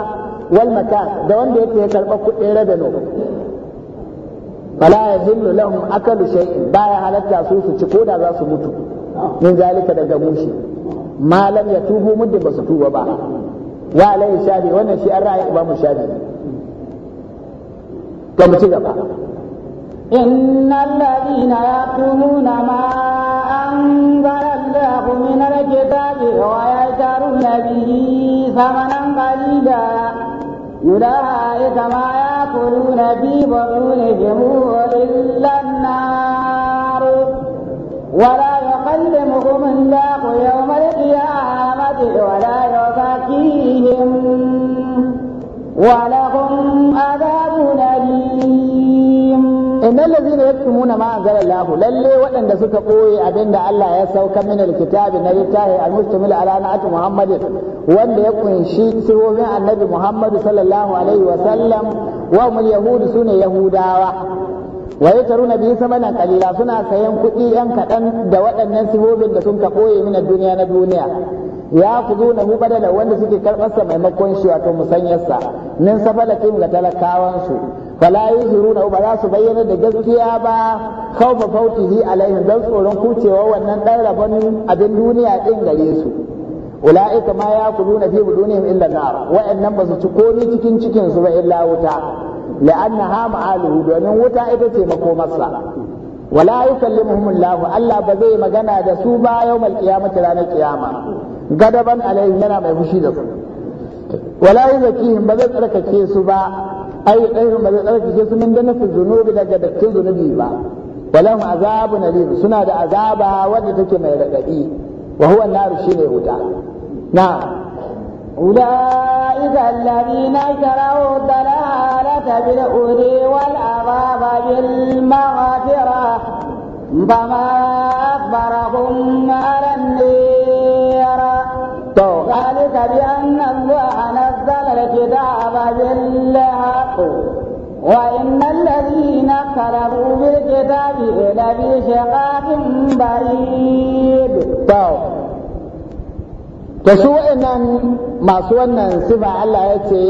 wal makan da wanda yake ya karba kuɗin rabano ya yahillu lahum akalu shay'in baya halatta su su ci koda za su mutu min zalika daga mushi malam ya tubu muddin ba su tuba ba wa alayhi shadi wannan shi an raya imamu shadi ga mu ci gaba innal ladina yaquluna ma anzala allahu Lallai waɗanda suka ɓoye abinda Allah ya sauka min alkitabi na littafi almustamil a na'ati muhammadin wanda ya kunshi sihobin annabi muhammadu sallallahu alaihi yahudu sune yahudawa wa yataruna bi samanan qalila suna sayan kuɗi yan kaɗan da waɗannan sihobin da sun ka ɓoye min duniya na duniya ya kudu na badala wanda suke karɓarsa maimakon shi wato musanyarsa min safalatin ga talakawansu fala yuziruna ba za su bayyana da gaskiya ba khawfa fautihi alaihim dan tsoron kucewa wannan dan rabon abin duniya din gare su ulaika ma yakuluna fi budunihim illa nar wa'annan ba su ci komai cikin cikin su ba illa wuta la'annaha ma'aluhu domin wuta ita ce makomarsa wala yukallimuhum Allah Allah ba zai magana da su ba yawmal qiyamati ranar kiyama gadaban alaihim yana mai fushi da su wala yuzakihim ba zai tsarkake su ba ai ɗayan ba zai tsarkake su min danasin zunubi daga dattin zunubi ba walahum azabun alim suna da azaba wadda take mai raɗaɗi wa huwa nar shine wuta na أولئك الذين اشتروا الضلالة بالهدى والعذاب بالمغفرة فما أكبرهم على النير ذلك بأن الله نزل الكتاب بالحق وإن الذين كذبوا بالكتاب لفي شقاق بعيد to su wa'annan masu wannan sifa Allah ya ce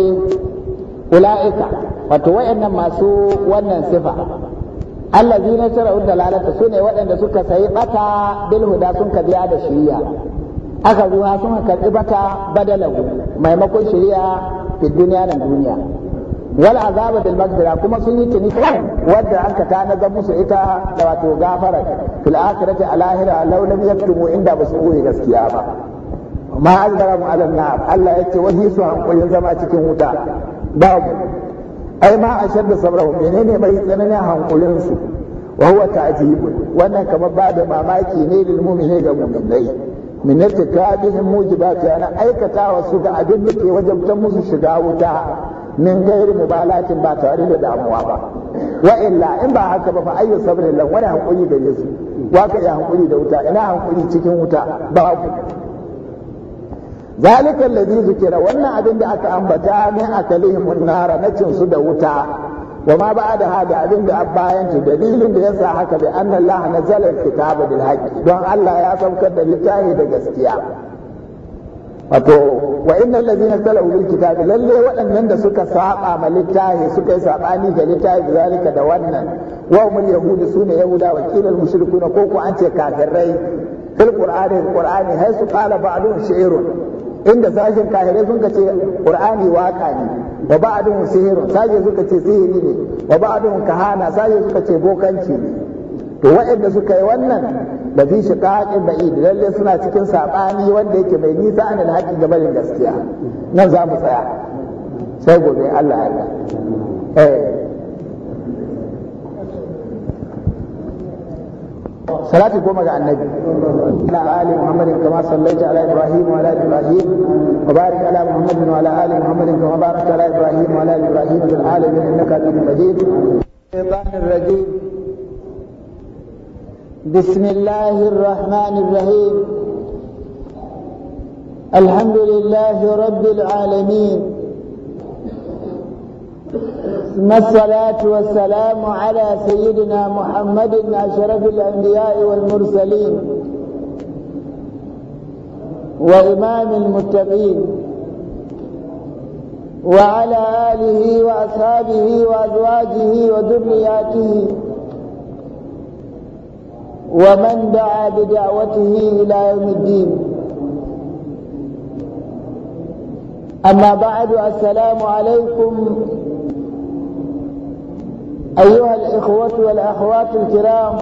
ula'ika wato wa'annan masu wannan sifa Allah zina tara lalata su ne waɗanda suka sayi bata bil huda sun ka biya da shiriya aka ruwa sun karɓi bata badalahu maimakon shari'a fi duniya nan duniya wal azaba bil maghfira kuma sun yi tuni wadda aka tanazar musu ita da wato gafara fil akhirati Alahira a law lam yakrumu inda basu uri gaskiya ba ma azgaramu ala nar Allah yace wahi su hankulin zama cikin wuta babu ai ma ashadda sabrahu menene mai tsananin hankulin su wa huwa ta'jib wannan kamar ba da mamaki ne lil mu'mini ga mu'minai min irtikabihim mujibati ana aikata wa su ga abin da ke wajabtan musu shiga wuta min gairi mubalatin ba tare da damuwa ba wa illa in ba haka ba fa ayyu sabrin wani hankuri da yesu wa ka ya hankuri da wuta ina hankuri cikin wuta ba ku zalika alladhi zikira wannan abin da aka ambata ne akalihim nara na su da wuta وما بعد هذا أبين بأباين دليل بيسا حكا بأن الله نزل الكتاب بالحق دون الله يا سوكا دلتاهي دقستيا wato wa inna allazina salawu bil kitabi lalle waɗannan da suka saba ma littafi suka yi saɓani ga littahi zalika da wannan wa hum yahudi sune yahuda wa qila al mushrikuna ko ko an ce ƙur'ani fil qur'ani qur'ani hay su qala inda sashen kahire sun ce qur'ani waka ne wa adun sihiru sashen suka ce sihiri ne wa adun kahana sashen suka ce bokanci ne to waɗanda suka yi wannan da fi shi ƙaƙin ba'id lalle suna cikin saɓani wanda yake mai nisa an da haƙin gabarin gaskiya nan za mu tsaya sai gobe Allah Allah صلاة قوم على النبي على آل محمد كما صليت على إبراهيم وعلى إبراهيم وبارك على محمد وعلى آل محمد كما باركت على إبراهيم وعلى إبراهيم في العالمين إنك أنت مجيد الشيطان الرجيم بسم الله الرحمن الرحيم الحمد لله رب العالمين ثم الصلاة والسلام على سيدنا محمد أشرف الأنبياء والمرسلين وإمام المتقين وعلى آله وأصحابه وأزواجه وذرياته ومن دعا بدعوته إلى يوم الدين أما بعد السلام عليكم أيها الإخوة والأخوات الكرام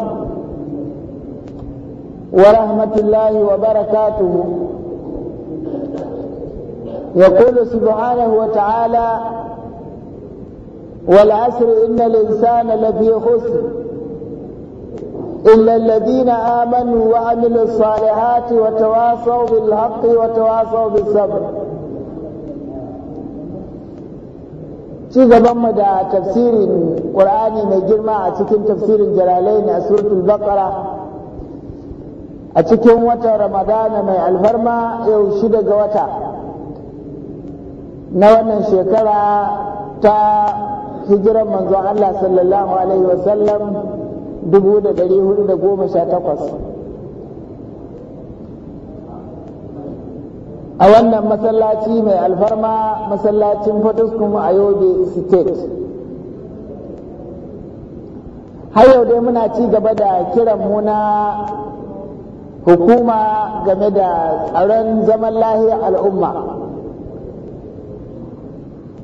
ورحمة الله وبركاته يقول سبحانه وتعالى والعسر إن الإنسان لفي خسر إلا الذين آمنوا وعملوا الصالحات وتواصوا بالحق وتواصوا بالصبر ci gaban mu da tafsirin ƙur'ani mai girma a cikin tafsirin jalalain a suratul baqara a cikin watan ramadana mai alfarma yau shida ga wata na wannan shekara ta hijiran manzon Allah sallallahu alaihi wasallam 1418 a wannan masallaci mai alfarma masallacin fotoskum a yobe state har yau dai muna ci gaba da kiran mu na hukuma game da tsaron zaman lahiyar al'umma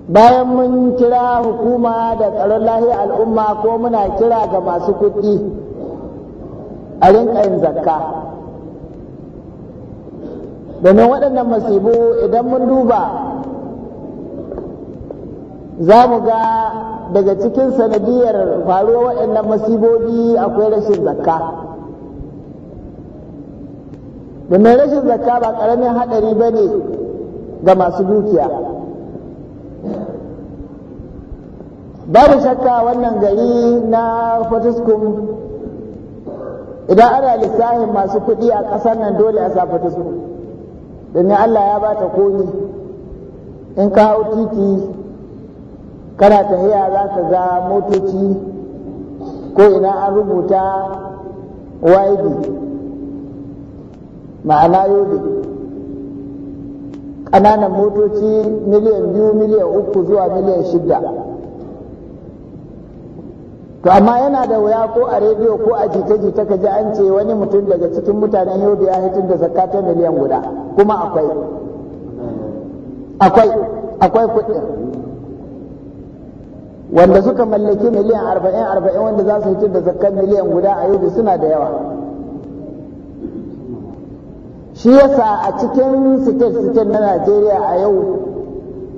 bayan mun kira hukuma da tsaron lahiyar al'umma ko muna kira ga masu kuɗi a rinka yin zakka domin waɗannan masibu idan mun duba za mu ga daga cikin sanadiyar faruwa waɗannan masibobi akwai rashin zakka domin rashin zakka ba ƙaramin haɗari ba ne ga masu dukiya babu shakka wannan gari na fotoskum idan ana lissahin masu kuɗi a ƙasar nan dole a sa fotoskum domin Allah ya ba ta koyi in ka hau titi kana tahiya za ka ga motoci ko ina an rubuta waibi ma'ana yobe ƙananan motoci miliyan biyu miliyan uku zuwa miliyan shida to amma yana da wuya ko a rediyo ko a jita-jita ka ji an ce wani mutum daga cikin mutanen yau da ya hitin da zakka ta miliyan guda kuma akwai akwai akwai kuɗin wanda suka mallaki miliyan arba'in arba'in wanda za su hitin da zakkan miliyan guda a yau suna da yawa shi yasa a cikin sitet sitet na najeriya a yau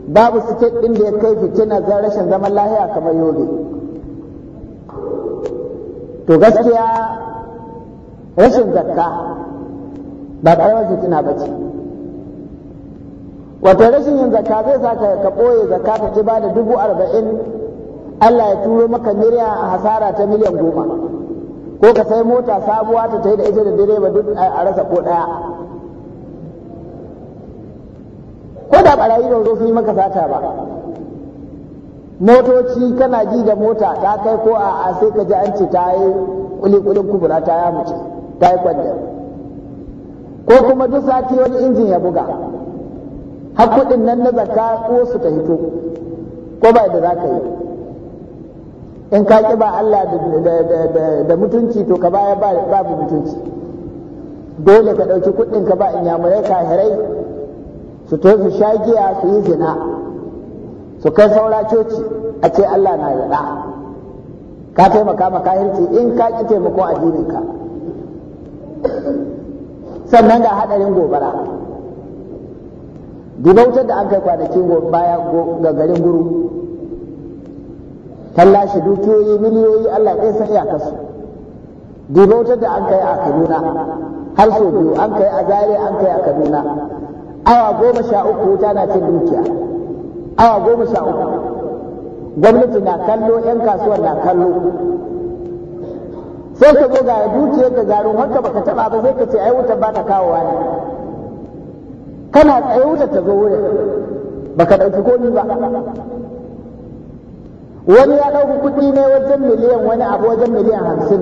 babu sitet ɗin da ya kai fitina zan rashin zaman lahiya kamar yobe to gaskiya rashin zakka ba ƙaramar fitina ba ce wato rashin yin zakka zai sa ka ɓoye zakka ka ci ba da dubu arba'in Allah ya turo maka a hasara ta miliyan goma ko ka sai mota sabuwa ta tayi da ita da direba duk a rasa ko ɗaya ko da ɓarayi ba zo su yi maka sata ba motoci kana ji da mota ta kai ko a sai ka ji an ce ta yi kulikulin kubura ta ya mace ta yi kwandar ko kuma duk sati wani injin ya buga hakudin nan na zakka ko su ta hito ko ba da za ka yi in ka ƙi ba Allah da mutunci to ka baya babu mutunci dole ka ɗauki kuɗin ka ba in yamurai kahirai su to su shagiya su yi zina su kai saura coci a ce Allah na yaɗa ka taimaka ma kahirci in ka ƙi taimako addininka sannan ga haɗarin gobara dubautar da an kai kwanakin baya ga garin guru tallashi dukiyoyi miliyoyi Allah ɗaya san kasu. dubautar da an kai a kaduna har sau biyu an kai a zare an kai a kaduna awa goma sha uku wuta na cin dukiya awa goma sha uku gwamnati na kallo yan kasuwar na kallo sai ka zo ga dukiyar ka garin wanka baka taba ba sai ka ce ai wutar ba ta kawowa ne kana tsaye wutar ta zo wurin baka ɗauki komi ba wani ya ɗauki kuɗi ne wajen miliyan wani abu wajen miliyan hamsin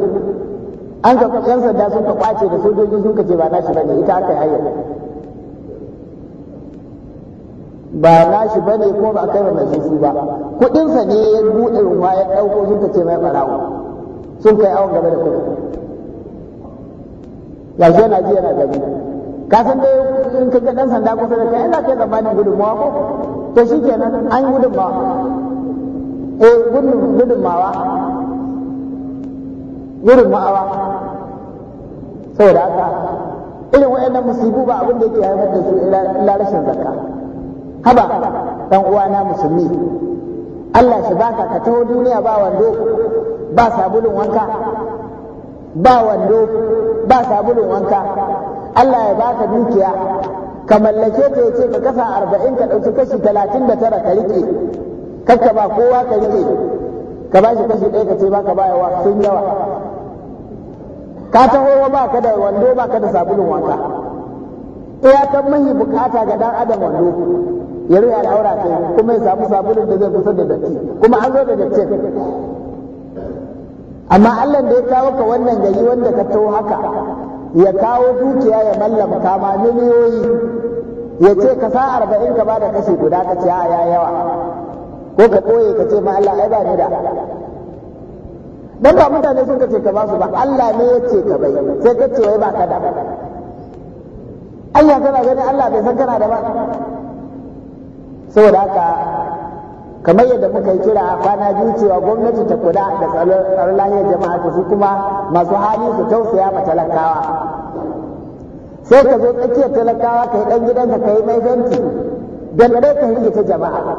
an ka yan sanda sun ka kwace da sojoji sun ka ce ba nashi bane ita aka yi ayyana ba nashi bane ko ba kai mai zuzu ba sa ne ya buɗe ruwa ya ɗauko sun ce mai barawo sun kai awon gaba da kudin yanzu yana ji yana gani ka san dai in ka ga dan sanda kusa da kai ina kai zamanin gudunmawa ko to shikenan an yi gudunmawa eh gudunmawa gudunmawa saboda haka irin wayannan musibu ba abin da yake haifar da su ila rashin zakka haba dan uwana musulmi Allah shi baka ka taho duniya ba wando ba sabulun wanka ba wando ba sabulun wanka Allah ya baka dukiya ka mallake ta yace ka kasa arba'in ka ɗauki kashi talatin da tara ka riƙe kakka ba kowa ka riƙe ka ba shi kashi ɗaya ka ce baka bayawa sun yawa ka taho ba ka da wando ba ka da sabulun wanka iyakan mahi bukata ga dan adam wando ya rufe al'aura kai kuma ya samu sabulun da zai kusa da datti kuma an zo da datti amma Allah da ya kawo ka wannan gari wanda ka taho haka ya kawo dukiya ya mallamka kama miliyoyi ya ce ka sa arba'in ka bada kashi guda ka ce a ya yawa ko ka koye ka ce ma Allah ai ba ni da dan ba mutane sun ce ka ba su ba Allah ne ya ce ka bai sai ka ce wai ba ka da Allah kana gani Allah bai san kana da ba saboda haka kamar yadda muka yi kira a kwana biyu cewa gwamnati ta kula da tsaron lahiyar jama'a ta su kuma masu hali su tausaya ma talakawa sai ka zo tsakiyar talakawa ka yi ɗan gidanka ka yi mai fenti don ɗaya ka ta jama'a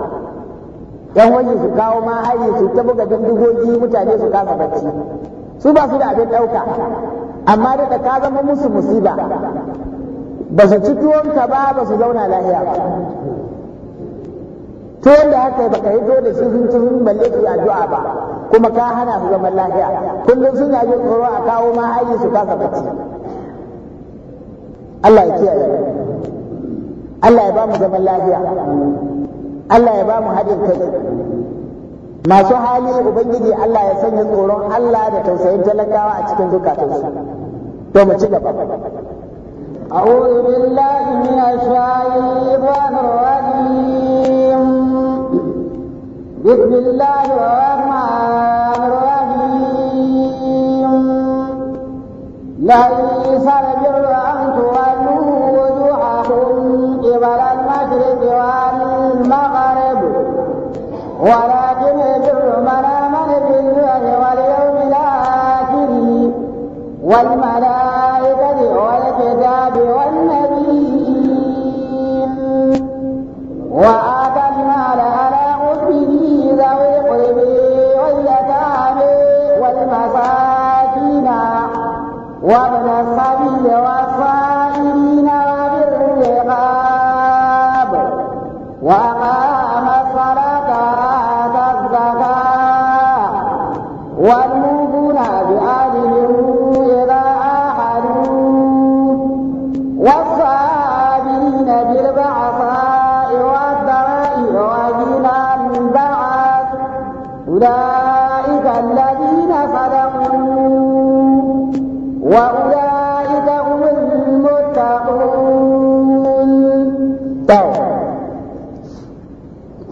yan wani su kawo ma hari su ta buga bindigogi mutane su kasa bacci su ba su da abin ɗauka amma da ka zama musu musiba ba su ci tuwonka ba ba su zauna lahiya ba to yadda haka baka hito da su sun ci sun balle addu'a ba kuma ka hana su zaman lafiya kullum suna jin tsoro a kawo ma ayi su kasa bacci Allah ya kiyaye Allah ya ba mu zaman lafiya Allah ya ba mu haɗin kai masu hali ubangiji Allah ya sanya tsoron Allah da tausayin talakawa a cikin su to mu ci gaba أعوذ بالله من الشيطان الرجيم بسم الله الرحمن الرحيم ليس البر أن تولوا وجوهكم قبل المشرق والمغرب ولكن البر من آمن بالله واليوم الآخر والملائكة والكتاب والكتاب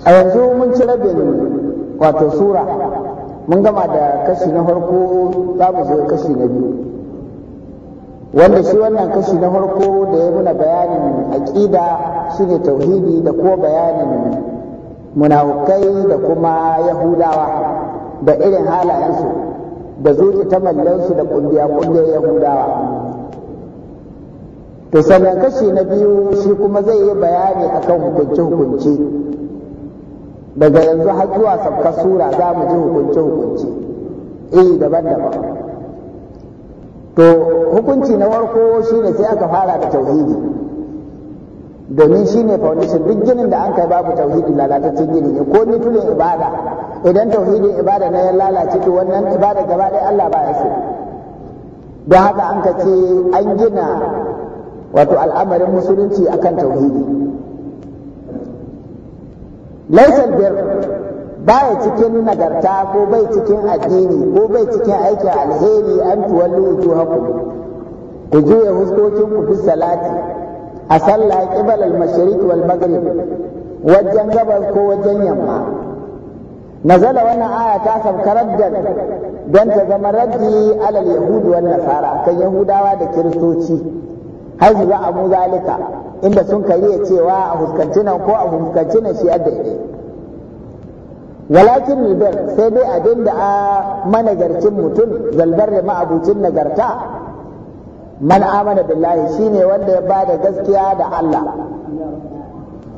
a yanzu mun ci rabin wato sura mun gama da kashi na farko za mu je kashi na biyu wanda shi wannan kashi na farko da ya muna bayanin aƙida shi ne tauhidi da ko bayanin munawukai da kuma yahudawa da irin halayensu da zuci ta mallansu da ƙungiya-ƙungiyar yahudawa to sannan kashi na biyu shi kuma zai yi bayani akan hukunce-hukunce daga yanzu har zuwa sabka sura za mu ji hukunce-hukunce eh daban-daban to hukunci na farko shine sai aka fara da tauhidi domin shine foundation duk ginin da an kai babu tauhidi lalatacin gini ne ko nitulin ibada idan tauhidin ibada na ya lalace to wannan ibada gaba ɗaya Allah ba ya so don haka an ka ce an gina wato al'amarin musulunci akan tauhidi laisal bir baya cikin nagarta ko bai cikin addini ko bai cikin aikin alheri an tuwallu haku ku juya huskokin ku fi salati a sallah qibala al-mashriq wal maghrib wajen gabas ko wajen yamma nazala wannan aya ta saukar da don ta zama raddi alal yahudu wan nasara kan yahudawa da kiristoci haihu za a mu zalika inda sun kariya cewa a huskanci nan ko a huskanci nan shi a daidai walakin ribar sai dai abin da a managarcin mutum zalbar da ma'abucin nagarta man amana billahi shine wanda ya bada gaskiya da Allah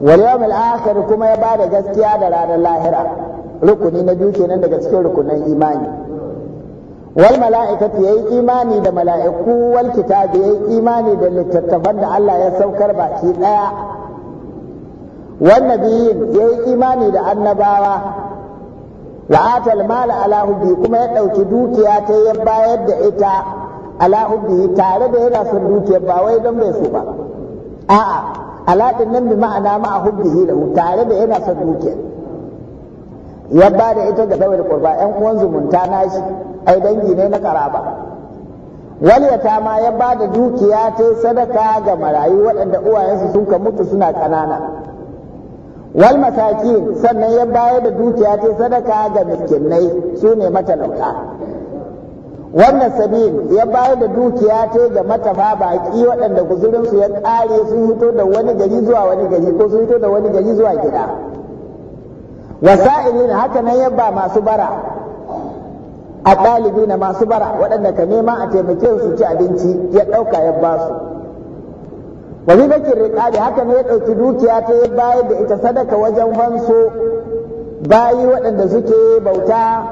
wal al akhir kuma ya bada gaskiya da ranar lahira rukuni na biyu kenan daga cikin rukunan imani wal mala'ikati yayi imani da mala'iku wal kitabi yayi imani da littattafan da Allah ya saukar baki daya wan nabiyin yayi imani da annabawa wa atal mala ala hubbi kuma ya dauki dukiya ta ya bayar da ita ala hubbi tare da yana son dukiya ba wai don bai so ba a'a ala din nan bi ma'ana ma hubbihi lahu tare da yana son dukiya ya bada ita ga dawar qurba ƴan uwan zumunta nashi ai dangi ne na karaba wal ma ya bada da dukiya ta sadaka ga marayu waɗanda uwayensu sun ka mutu suna ƙanana wal masakin sannan ya bayar da dukiya ta sadaka ga miskinai su ne matalauta wannan sabin ya bayar da dukiya ta ga matafa baƙi waɗanda guzurinsu ya ƙare sun hito da wani gari zuwa wani gari ko sun hito da wani gari zuwa gida wasa'ilin haka nan ya ba masu bara a ɗalibi na masu bara waɗanda ka nema a taimake su ci abinci ya ɗauka ya ba su wani bakin riƙa da haka ne ya ɗauki dukiya ta ya bayar da ita sadaka wajen fanso bayi waɗanda suke bauta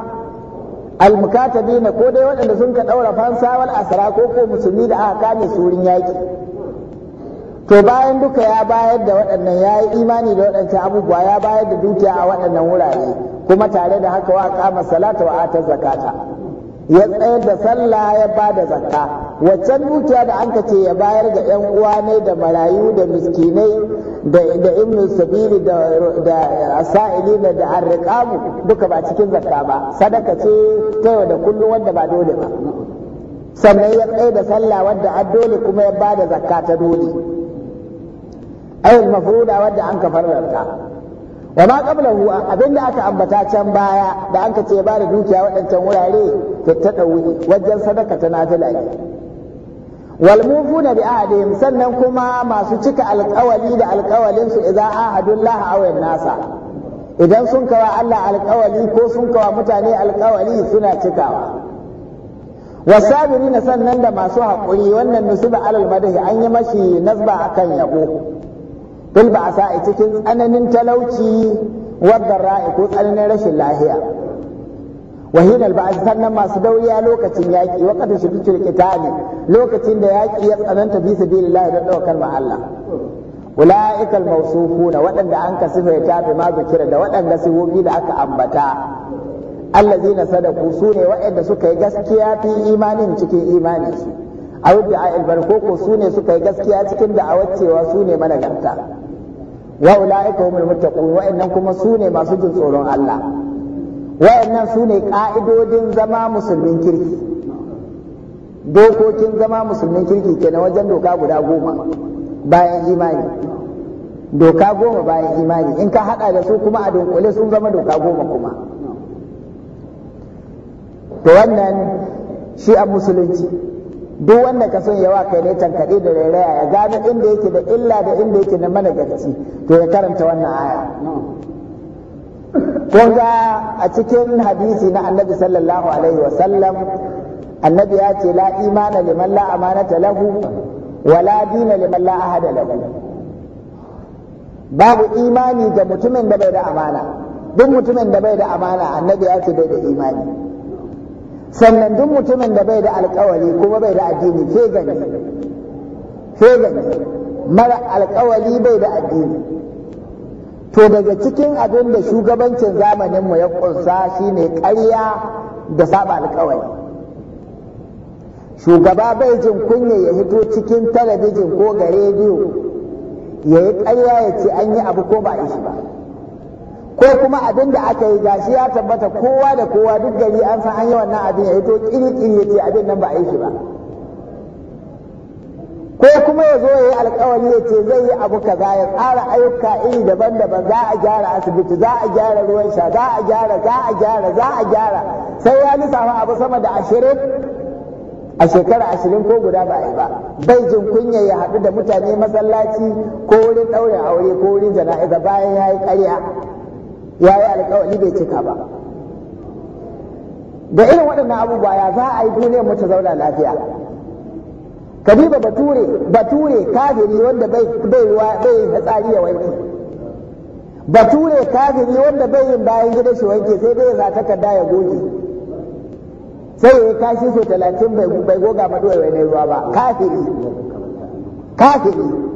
almukatabi na ko dai waɗanda sun ka ɗaura fansa wal asara ko ko musulmi da aka kame su wurin yaƙi to bayan duka ya bayar da waɗannan ya yi imani da waɗancan abubuwa ya bayar da dukiya a waɗannan wurare kuma tare da haka wa kama salata wa ata zakata ya tsayar da sallah ya ba da zakka waccan dukiya da an ce ya bayar ga yan uwa ne da marayu da miskinai da ibn sabili da da sa'ilina da arqamu duka ba cikin zakka ba sadaka ce ta yau da kullum wanda ba dole ba sannan ya tsayar da sallah wanda an kuma ya ba da zakka ta dole ayul mafruda wadda an kafarrarta Da ma abin da aka ambata can baya da an ce ba da dukiya waɗancan wurare to ta dauri wajen sadaka ta nafila ne wal mufuna bi ahdihim sannan kuma masu cika alƙawali da alƙawalin su idza ahadullah aw nasa idan sun kawa Allah alƙawali ko sun kawa mutane alƙawali suna cikawa wasabirina sannan da masu haƙuri wannan nusuba alal madahi an yi mashi nasba akan yabo fil ba a cikin tsananin talauci wadda ra'i ko tsananin rashin lahiya wahin alba'az sannan masu dauriya lokacin yaƙi wa kada shi bikin lokacin da yaƙi ya tsananta bi sabilillah da dawakar ma Allah ulaiikal mawsufuna waɗanda an kasifa ya tafi ma zikira da waɗanda sihobi da aka ambata allazina sadaku sune waɗanda suka yi gaskiya fi imanin cikin imanin su a a albarko ko su ne suka yi gaskiya cikin da'awar cewa su ne managarta wa ula'ika humul muttaqun wa'annan kuma su ne masu jin tsoron Allah wa'annan su ne ka'idodin zama musulmin kirki dokokin zama musulmin kirki ke na wajen doka guda goma bayan imani doka goma bayan imani in ka haɗa da su kuma a dunkule sun zama doka goma kuma to wannan shi a musulunci duk wanda ka son yawa kai ne tankaɗe da rairaya ya gano inda yake da illa da inda yake da gaci to ya karanta wannan aya ko ga a cikin hadisi na annabi sallallahu alaihi wa sallam annabi ya ce la imana liman la amanata lahu wa la dina liman la ahada lahu babu imani ga mutumin da bai da amana duk mutumin da bai da amana annabi ya ce bai da imani sannan duk mutumin da bai da alkawari kuma bai da addini ke gani, mara alkawari bai da addini to daga cikin abin da shugabancin zamaninmu ya kunsa shine ƙarya da saba alkawari shugaba bai jin kunya ya hito cikin talabijin ko ga rediyo ya yi ƙarya ya ce an yi abu ko ba a yi shi ba ko kuma abin da aka yi gashi ya tabbata kowa da kowa duk gari an san an yi wannan abin ya to kiri-kiri ya ce abin nan ba a yi shi ba ko kuma ya zo ya yi alkawari ya ce zai yi abu kaza ya tsara ayyuka iri daban-daban za a gyara asibiti za a gyara ruwan sha za a gyara za a gyara za a gyara sai ya lissafa abu sama da ashirin a shekara ashirin ko guda ba ba bai jin kunya ya haɗu da mutane masallaci ko wurin ɗaurin aure ko wurin jana'iza bayan ya yi ƙarya ya yi alkawari bai cika ba da irin waɗannan abubuwa ya za a yi duniyar mu ta zauna lafiya kadiba bature bature kafiri wanda bai bai bai hatsari ya wanke bature kafiri wanda bai yin bayan gidan shi wanke sai dai za takarda ya goge sai ya kashi so talatin bai goga maɗuwa wani ruwa ba kafiri kafiri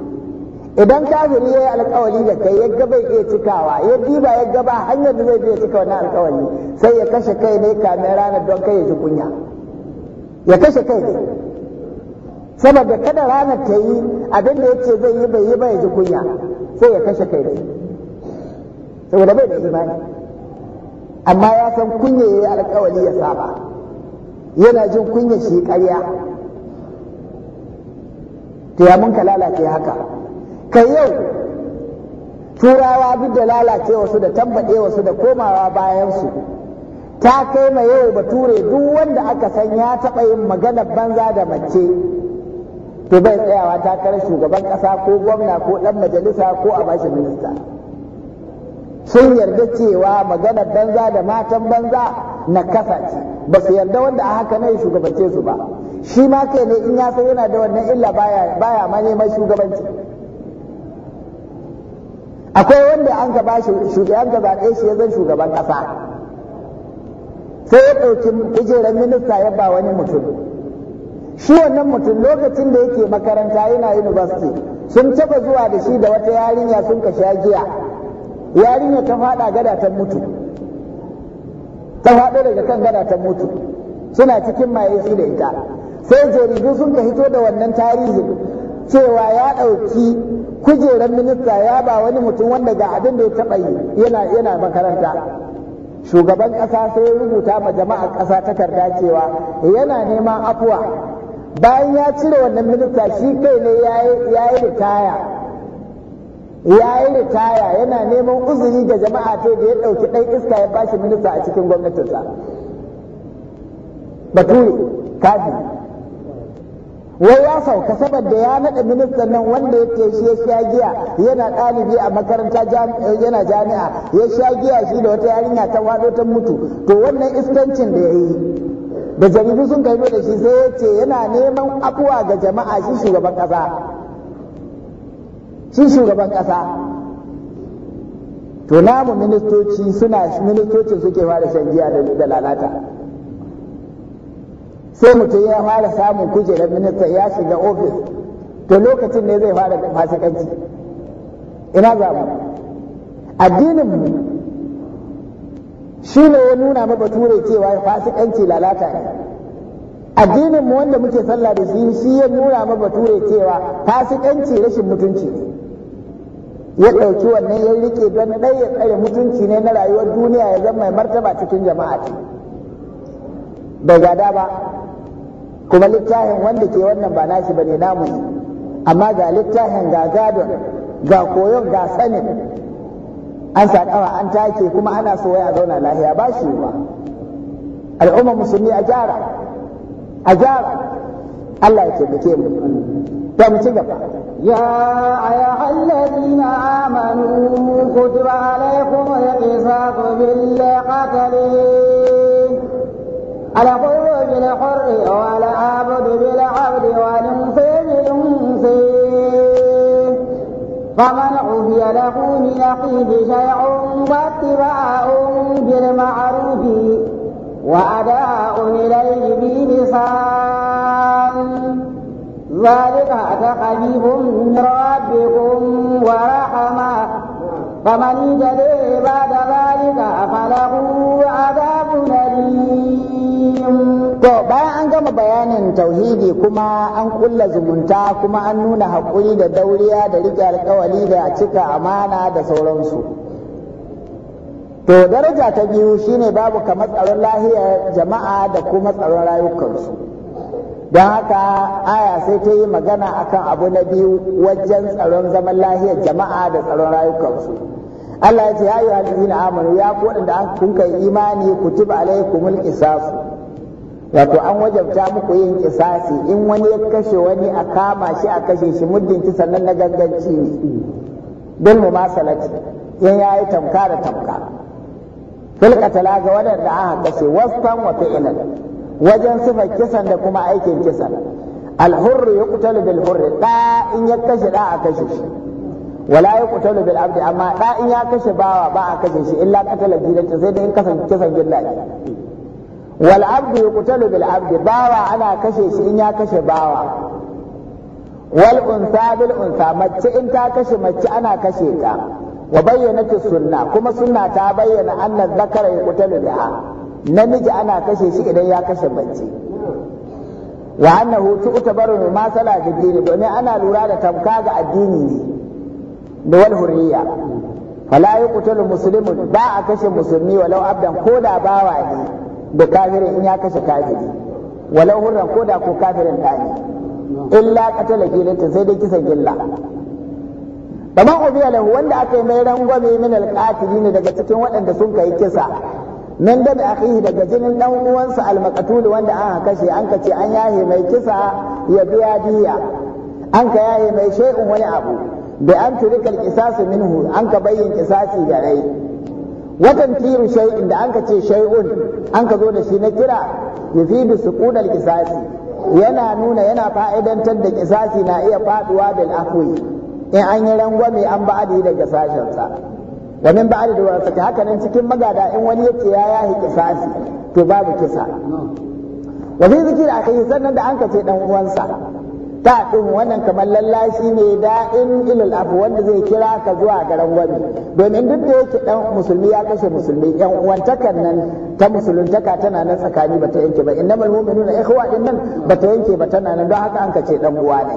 idan kafiri ya yi alkawali da kai ya ga bai iya cikawa ya diba ya gaba hanyar da zai iya cika wannan alkawali sai ya kashe kai ne kamin ranar don kai ya ji kunya ya kashe kai ne saboda kada ranar ta yi abin da ya ce zai yi bai yi ba ya ji kunya sai ya kashe kai ne saboda bai da imani amma ya san kunya ya yi alkawali ya saba yana jin kunya shi karya to ya mun ka lalace haka Ka yau turawa duk da lalacewa su da tambadewa su da komawa bayan su ta kai ma yau bature duk wanda aka san ya taɓa yin maganar banza da mace to bai tsayawa takarar shugaban ƙasa ko gwamna ko ɗan majalisa ko a bashi minista sun yarda cewa maganar banza da matan banza na kasa ce ba su yarda wanda a haka ne shugabance su ba shi ma kai ne in ya san yana da wannan illa baya baya ma neman shugabanci akwai wanda an gaba shugaban gaba zaɓe shi ya zan shugaban ƙasa sai ya ɗauki kujerar minista ya ba wani mutum shi wannan mutum lokacin da yake makaranta yana university sun taba zuwa da shi da wata yarinya sun ka sha giya yarinya ta faɗa gada ta mutu ta faɗo daga kan gada ta mutu suna cikin maye shi da ita sai jaridu sun ka hito da wannan tarihin cewa ya ɗauki kujerar minista ya ba wani mutum wanda ga abin da ya taɓa yi yana yana makaranta shugaban ƙasa sai ya rubuta ma jama'a ƙasa takarda cewa yana neman afuwa bayan ya cire wannan minista shi kai ne ya yi ritaya ya yi ritaya yana neman uzuri ga jama'a ta da ya ɗauki ɗan iska ya bashi minista a cikin gwamnatinsa bature kafin wai ya sauka saboda ya naɗa ministan nan wanda ya ce shi ya sha giya yana ɗalibi a makaranta eh, yana jami'a ya sha giya shi da wata yarinya ta waɗo ta mutu to wannan iskancin da ya yi da jaridu sun kai da shi sai ya ce yana neman abuwa ga jama'a shi shugaban ƙasa shi shugaban ƙasa to namu ministoci suna ministocin suke fara shan giya da lalata sai mutum ya fara samun kujerar minista ya shiga ofis to lokacin ne zai fara fasikanci ina za mu addinin mu shi ne ya nuna ma bature cewa fasikanci lalata ne addinin mu wanda muke sallah da shi shi ya nuna ma bature cewa fasikanci rashin mutunci ya ɗauki wannan ya rike don ɗaya ya tsare mutunci ne na rayuwar duniya ya zama mai martaba cikin jama'a ce bai gada ba kuma littafin wanda ke wannan ba nashi bane namu ne amma ga littafin ga gadon ga koyon ga sanin an saƙawa an take kuma ana so a zauna lahiya ba shi ba al'umma musulmi a gyara a gyara Allah ya taimake mu ta mu ci gaba ya aya alladina amanu kutiba alaykum al-qisas bil qatl الخروج بالحر ولا أعبد بالعبد والمسي بالمسي فمن عفي له من أخيه شيء واتباع بالمعروف وأداء إليه بلسان ذلك تخفيف من ربكم ورحمة فمن جلي بعد ذلك فله عذاب أليم to bayan an gama bayanin tauhidi kuma an kulla zumunta kuma an nuna haƙuri da dauriya da riƙe alƙawali da cika amana da sauransu to daraja ta biyu shine babu kamar tsaron lahiyar jama'a da kuma tsaron rayukansu don haka aya sai ta yi magana akan abu na biyu wajen tsaron zaman lahiyar jama'a da tsaron rayukansu Allah ya ce ya yi amanu ya ku waɗanda an kun kai imani kutuba alaikumul qisasu wato an wajabta muku yin kisasi in wani ya kashe wani a kama shi a kashe shi muddin ci sannan na ganganci ne bil mumasalati in yi tamka da tamka fil qatala ga wadanda aka kashe wasfan wa fi'lan wajen sifar kisan da kuma aikin kisan al hurr yuqtalu bil hurr da in ya kashe da a kashe shi wala yuqtalu bil abdi amma da ya kashe bawa ba a kashe shi In qatala jidatin sai da in kisan gilla wal abdu yuqtalu bil abdi bawa ana kashe shi in ya kashe bawa wal unsa bil unsa mace in ta kashe mace ana kashe ta wa bayyana sunna kuma sunna ta bayyana anna zakara yuqtalu biha namiji ana kashe shi idan ya kashe mace wa annahu tu'tabaru ma sala da domin ana lura da tamka ga addini ne da wal hurriya fala yuqtalu muslimun ba a kashe musulmi walau abdan ko da bawa ne da kafirin in ya kashe kafiri walau hurran ko da ko kafirin ta ne illa katala gilinta sai dai kisan gilla ma ubiya lahu wanda aka yi mai rangwame min alqatili ne daga cikin waɗanda sun kai kisa min da akhihi daga jinin dan uwansa almaqtul wanda aka kashe an kace an yahe mai kisa ya biya diya an ka yahe mai shay'un wani abu da an turika alqisas minhu an ka bayyin kisasi da rai watan tiru shay'in da anka ce shay'un anka zo da shi na kira yufidu suqudal qisasi yana nuna yana fa'idantar da qisasi na iya faduwa da afwi in an yi rangwame an ba'adi daga sashen sa wa min ba'adi da warasa haka nan cikin magada in wani yace ya yahi qisasi to babu kisa wa fi zikir akhi sannan da anka ce dan uwansa ta ɗin wannan kamar lallashi ne da'in ilil abu wanda zai kira ka zuwa garin rangwami domin duk da yake ɗan musulmi ya kashe musulmi Ƴan uwantakan nan ta musuluntaka tana nan tsakani bata yanke ba innamal mu'minuna ikhwa din nan bata yanke ba tana nan don haka an kace ɗan uwa ne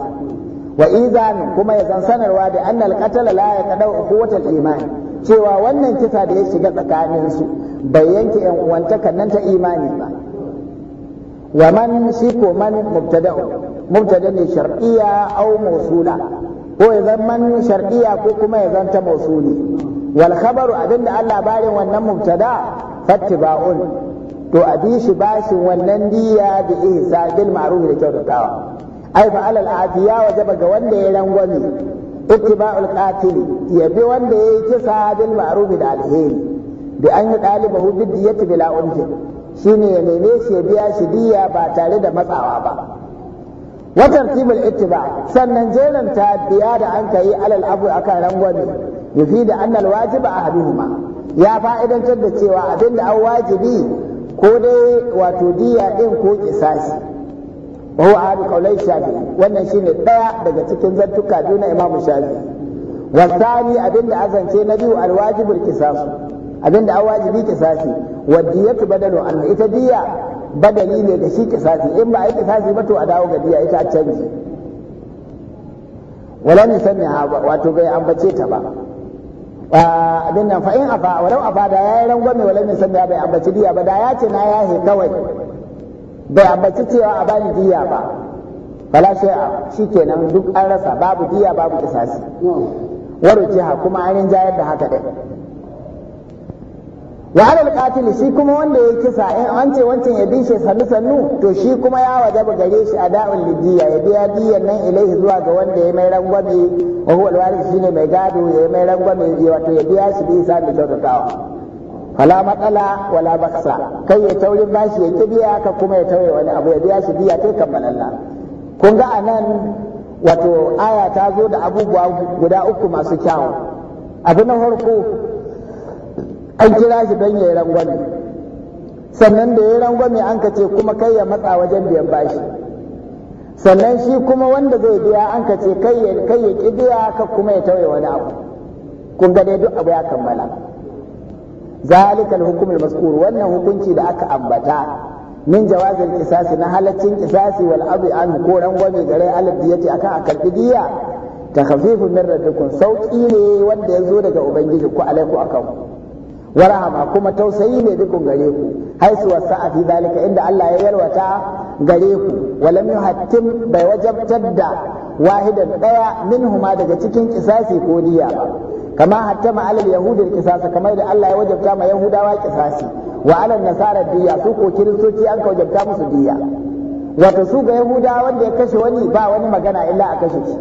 wa izan kuma ya zan sanarwa da annal qatala la yaqdau quwwatal iman cewa wannan kisa da ya shiga tsakanin su bai yanke ƴan uwantakan nan ta imani ba wa man siko man mubtada'u ne shar'iyya aw mawsula ko ya zan man shar'iyya ko kuma ya zanta mawsuli wal khabaru abinda Allah barin wannan mubtada fattiba'un to abi shi bashin wannan diya da ihsa bil ma'ruf da kyautatawa ai fa alal afiya wajaba ga wanda ya rangwame ittiba'ul qatil ya bi wanda yayi kisa bil ma'ruf da alheri bi an yi dalibahu bidiyati bila unjin shine ya neme shi ya biya shi diya ba tare da matsawa ba wa tartibul ittiba sannan jerin ta biya da an yi alal abu akan ya fi da annal wajiba ahaduhuma ya fa'idantar da cewa abin da an wajibi ko dai wato diya din ko kisasi wa huwa ahadu qaulai shafi'i wannan shine ɗaya daga cikin zantuka juna imamu shafi'i abin da azance na biyu alwajibul kisasu abinda an wajibi kisasi da badalu an ita diya badali ne da shi kisasi in ba a yi kisasi ba to a dawo ga diya ita a canji wala ni sami wato bai ambace ta ba abin nan fa in afa walau afa da yayi rangwame wala ni sami bai ambace diya ba da ya ce na ya he kawai bai ambaci cewa a bani diya ba fala shi kenan duk an rasa babu diya babu kisasi jiha kuma an rinjayar da haka din wa alal shi kuma wanda ya kisa in an ce wancan ya bi shi sannu sannu to shi kuma ya wajaba gare shi a daul lidiya ya biya diyan nan ilaihi zuwa ga wanda ya mai rangwame wa huwa alwaris shine mai gado ya mai rangwame ya wato ya biya shi bi sa da kyautatawa fala matsala wala baksa kai ya taurin bashi ya kibiya ka kuma ya tauye wani abu ya biya shi biya kai kammalalla kun ga anan wato aya ta zo da abubuwa guda uku masu kyawu abu na farko an kira shi don ya yi rangwame sannan da ya yi rangwame an ka ce kuma kai ya matsa wajen biyan bashi sannan shi kuma wanda zai biya an ka ce kai ya kai ya ki biya ka kuma ya tauye wani abu kun ga dai duk abu ya kammala zalikal hukumul maskur wannan hukunci da aka ambata min jawazil kisasi na halaccin kisasi wal abi an ko rangwame gare alif yace akan a diya ta min rabbikum sauki ne wanda ya zo daga ubangiji ku alaiku akan ku Warahama kuma tausayi ne dukun gare ku haisu wasa fi zalika inda Allah ya yarwata gare ku walam yuhattim bai wajabtar da wahidan daya minhuma daga cikin kisasi ko diya kama hattama alal yahudin kisasa kamar da Allah ya wajabta ma yahudawa kisasi wa nasarar nasara diya su ko kiristoci an ka wajabta musu diya wato su ga yahudawa wanda ya kashe wani ba wani magana illa a kashe shi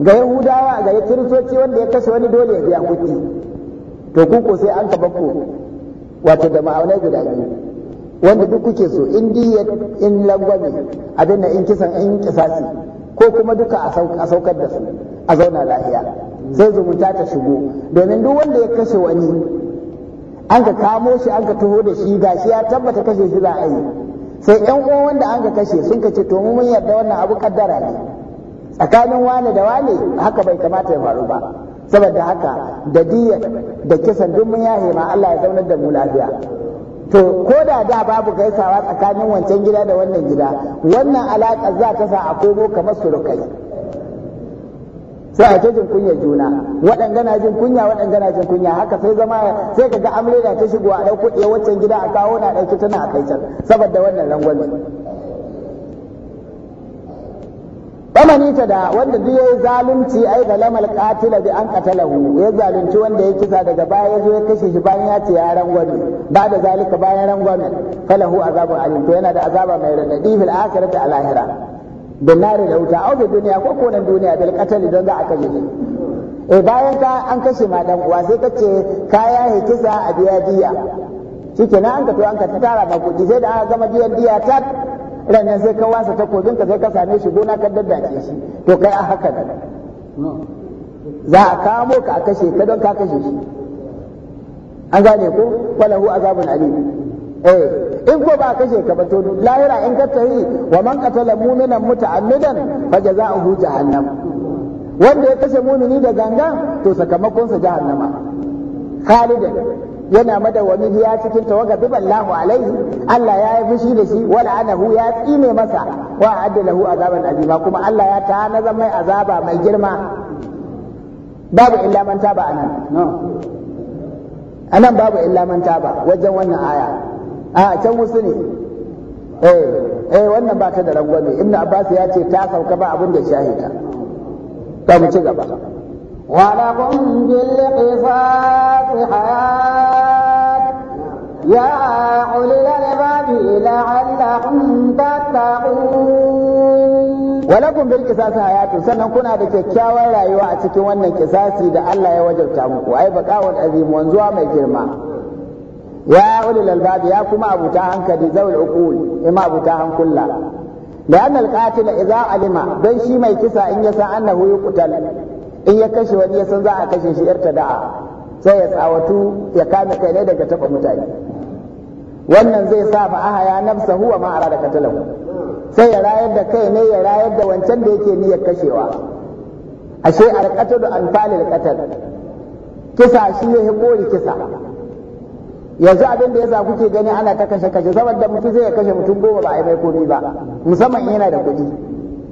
ga yahudawa ga kiristoci wanda ya kashe wani dole ya biya kuɗi to ku ko sai an ka bakku wato da ma'aunai guda biyu wanda duk kuke so in diya in langwame abin da in kisan in kisasi ko kuma duka a saukar da su a zauna lafiya sai zumunta ta shigo domin duk wanda ya kashe wani an ka kamo shi an ka taho da shi ga shi ya tabbata kashe shi za a sai yan uwan wanda an ka kashe sun ka ce to mun yarda wannan abu kaddara ne tsakanin wane da wane haka bai kamata ya faru ba saboda haka da diya da kisan duk mun yahe ma Allah ya zaunar da mu lafiya to ko da da babu gaisawa tsakanin wancan gida da wannan gida wannan alaƙa za ta sa a komo kamar surukai sai a ta jin kunya juna waɗanga na jin kunya waɗanga na jin kunya haka sai zama sai ka ga amrena ta shigo a ɗauko ɗaya wancan gida a kawo na ɗauki tana a kai can saboda wannan rangwani. famanita da wanda duk yayi zalunci ai da lamal qatila bi an qatalahu ya zalunci wanda ya kisa daga baya ya zo ya kashe shi bayan ya ci ya rangwame ba da zalika bayan rangwame falahu azabu alim to yana da azaba mai radadi fil akhirati al ahira bin nari da wuta au duniya ko ko nan duniya bil qatali don za a kashe shi eh bayan ka an kashe ma dan uwa sai kace ka ya kisa a biya diya shikenan an ka to an ka tara ba kudi sai da aka gama biyan diya tat ranar sai ka wasa takobin ka sai ka same shi gona ka daddace shi to kai a haka ne za a kamo ka a kashe ka don ka kashe shi an gane ko walahu azabun alim eh in ko ba a kashe ka ba to lahira in ka tahi wa man qatala mu'minan muta'ammidan fa jazaohu jahannam wanda ya kashe mumini da ganga to sakamakonsa jahannama khalidan yana madawwami ya cikin tawaga biballahu alaihi Allah ya yi fushi da shi wala anahu ya tsine masa wa adda lahu azaban azima kuma Allah ya ta nazar mai azaba mai girma babu illa man taba anan anan babu illa man taba wajen wannan aya a can wasu ne eh eh wannan ba ta da rangwame ibnu abbas ya ce ta sauka ba abin da shahida ta mu ci gaba ولكم بالقصاص حياة يا أولي الألباب لعلكم تتقون ولكم بالقصاص حياة sannan kuna da kyakkyawar rayuwa a cikin wannan kisasi da Allah ya wajabta muku ai baqawul azim wanzuwa mai girma ya ulil albab ya kuma abuta hankali zawul uqul ima abuta hankula da annal qatil idza alima dan shi mai kisa in yasa annahu yuqtal in ya kashe wani ya san za a kashe shi yar da'a sai ya tsawatu ya kame kai ne daga taba mutane wannan zai sa fa aha ya nafsa huwa ma arada katalahu sai ya rayar da kai ne ya rayar da wancan da yake niyyar kashewa ashe alqatlu anfalil qatl kisa shi ya kori kisa yanzu abin da yasa kuke gani ana ta kashe kashe saboda mutum zai kashe mutum goma ba a yi mai komai ba musamman yana da kuɗi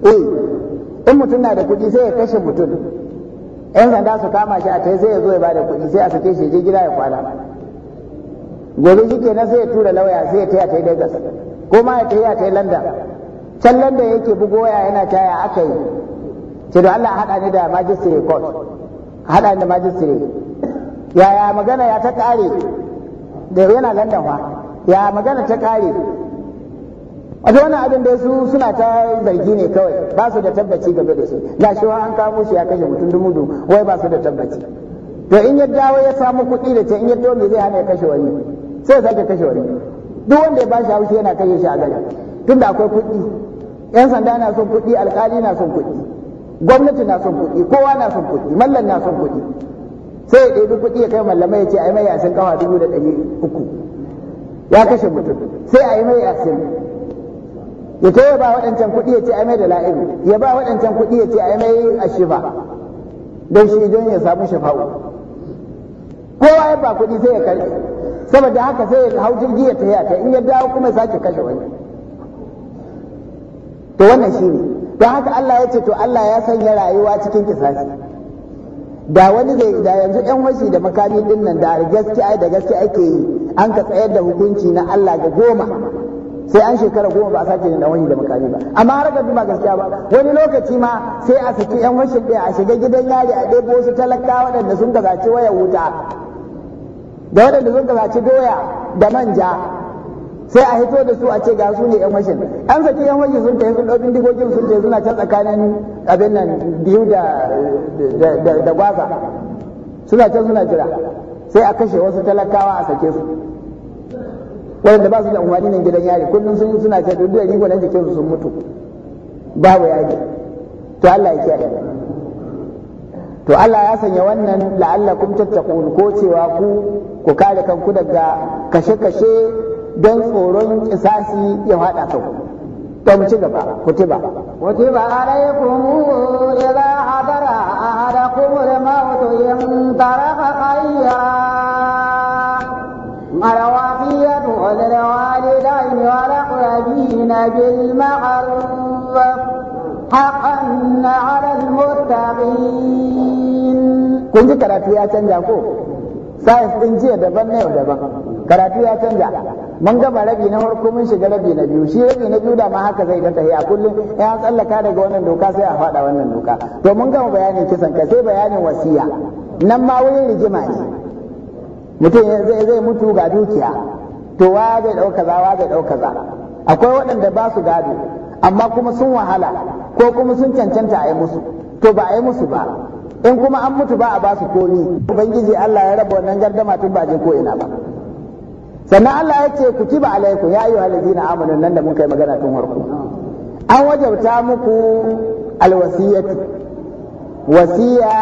eh in mutum na da kuɗi sai ya kashe mutum yan sanda su kama shi a tai zai zo ya bada kuɗi sai a sake shi je gida ya kwana gobe shi nan sai ya tura lauya sai ya taya ta yi Lagos ko ma ya taya yi landa can London yake bugo waya yana taya aka yi ce da Allah haɗa ni da magistrate court haɗa ni da ya yaya magana ya ta ƙare da yana landa ya magana ta ƙare wato wani abin da su suna ta zargi ne kawai ba su da tabbaci game da su. ga shi an kamo shi ya kashe mutum dubu wai ba su da tabbaci to in ya dawo ya samu kuɗi da can in ya wani zai hana ya kashe wani sai ya sake kashe wani duk wanda ya bashi haushi yana kashe shi a gari tunda akwai kuɗi yan sanda na son kuɗi alƙali na son kuɗi gwamnati na son kuɗi kowa na son kuɗi mallan na son kuɗi sai ya ɗebi kuɗi ya kai mallamai ya ce a yi mai yasin kawa dubu da ɗari uku ya kashe mutum sai a yi mai yasin ya ya ba waɗancan kuɗi ya ce a mai da la'iru ya ba waɗancan kuɗi ya ce a mai shifa, don shi don ya samu shafa'u kowa ya ba kuɗi sai ya karɓi saboda haka sai ya hau jirgi ya tafi ta in ya dawo kuma ya sake kashe wani to wannan shi ne don haka Allah ya ce to Allah ya sanya rayuwa cikin kisasi da wani zai da yanzu yan washi da makami din nan da gaskiya da gaskiya ake yi an ka tsayar da hukunci na Allah ga goma sai an shekara goma ba a sake yin wani da makami ba amma har ga ba gaskiya ba wani lokaci ma sai a saki yan washin ɗaya a shiga gidan yari a ɗebo wasu talaka waɗanda sun gazace waya wuta da waɗanda sun gazace doya da manja sai a hito da su a ce ga su ne yan washin an saki yan washin sun tafi sun ɗaubin digogin sun tafi suna can tsakanin abin nan biyu da da gwaza suna can suna jira sai a kashe wasu talakawa a sake su da ba su da umarni nan gidan yari kullum sun suna ce duk da rigo na jikinsu sun mutu babu yaji to Allah ya kiyaye to Allah ya sanya wannan la'allakum tattaqun ko cewa ku ku kare kanku daga kashe-kashe don tsoron kisasi ya fada kanku mu ci gaba kutiba kutiba alaikum idza hadara ahadakum al-maut in taraka khayran وللوالدين والأقربين بالمعروف حقا على المتقين كنت كرافي يا تنجاكو سايس تنجي دبن نيو دبن karatu ya canja mun gama rabi na farko mun shiga rabi na biyu shi rabi na biyu da ma haka zai ta a kullum ya tsallaka daga wannan doka sai a faɗa wannan doka to mun gama bayanin kisan ka sai bayanin wasiya nan ma wurin rigima ne mutum zai mutu ga dukiya to wa zai ɗau kaza wa zai ɗau kaza akwai waɗanda ba su gado amma kuma sun wahala ko kuma sun cancanta a yi musu to ba a yi musu ba in kuma an mutu ba a ba su komi ubangiji Allah ya raba wannan gardama tun ba je ko ina ba sannan Allah ya ce kutiba alaikum ya ayyuhal ladina amanu nan da mun kai magana tun farko an wajabta muku alwasiyati wasiya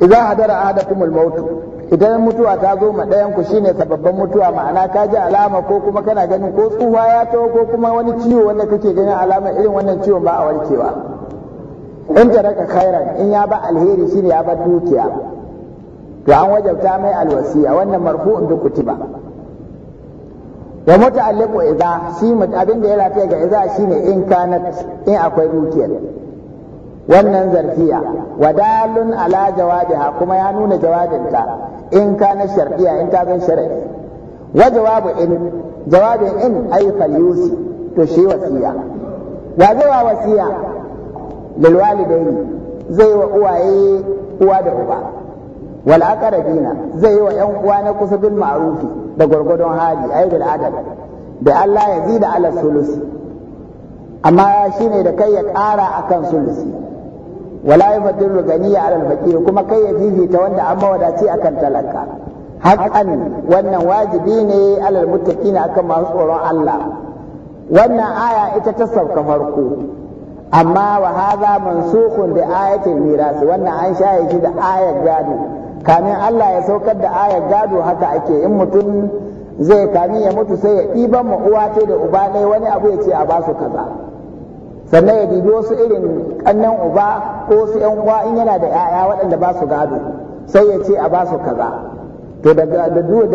idan hadara ahadakum almautu idan mutuwa ta zo ma ɗayan ku shine sababban mutuwa ma'ana ka ji alama ko kuma kana ganin ko tsuwa ya taho ko kuma wani ciwo wanda kake ganin alama irin wannan ciwon ba a warkewa in ta raka khairan in ya ba alheri shine ya ba dukiya to an wajabta mai alwasiya wannan marfu'un duk kutiba wa muta'alliqu idza shi abin da ya lafiya ga idza shine in kanat in akwai dukiya wannan zarfiya wadalun ala jawabiha kuma ya nuna jawabinta in ka na shar'iyya in ka bin shar'i wa jawabu in jawabin in ay falyusi to shi wasiya wa zai wasiya lil walidaini zai wa uwaye uwa da uba wal aqrabina zai yi wa yan uwa na kusa bil ma'rufi da gwargwadon hali ay bil adab da Allah ya zida ala sulusi amma shine da kai ya ƙara akan sulusi wala rugani ya alal al kuma kai ya fifita wanda an mawadaci akan talaka haƙan wannan wajibi ne alal muttaqina akan masu tsoron Allah wannan aya ita ta sauka farko amma wa hadha mansukhun bi ayatil mirasi wannan an shaye shi da ayar gado kamin Allah ya saukar da ayar gado haka ake in mutum zai kami ya mutu sai ya ɗiban ma uwa ce da uba ne wani abu ya ce a basu kaza sannan ya dubi wasu irin kannan uba ko wasu yan uwa in yana da 'ya'ya waɗanda ba su gado sai ya ce a ba su kaza to da da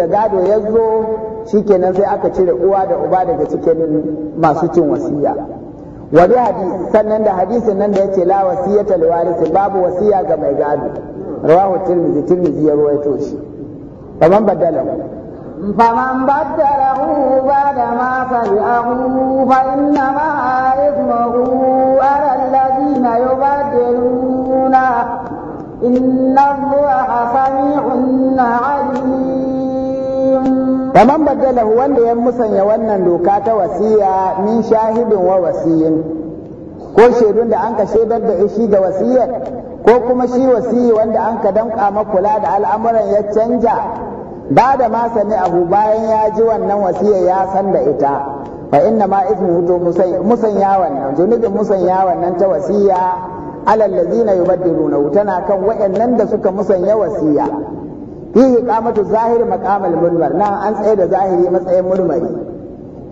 gado ya zo shi shikenan sai aka cire uwa da uba daga cikin masu cin wasiya wani hadis sannan da hadisin nan da yace la wasiyata li babu wasiya ga mai gado rawahu tirmidhi tirmidhi ya ruwaito shi kaman badala فمن بدله بعد ما سمعه فإنما إثمه على الذين يبدلونه إن الله سميع عليم فمن بدله وان وند يمسن يوانا لوكا توسيا من شاهد ووسي ko shaidun da an ka shaidar da shi da wasiyar ko kuma shi wasiyi wanda an ka damƙa makula da al'amuran ya canja ba da ma sami abu bayan ya ji wannan wasiya ya san da ita fa inna ma ismu to musanya wannan zunubin musanya wannan ta wasiya alal ladzina yubaddiluna tana kan wayannan da suka musanya wasiya fihi qamatu zahiri maqamal mulmar nan an tsaye da zahiri matsayin mulmari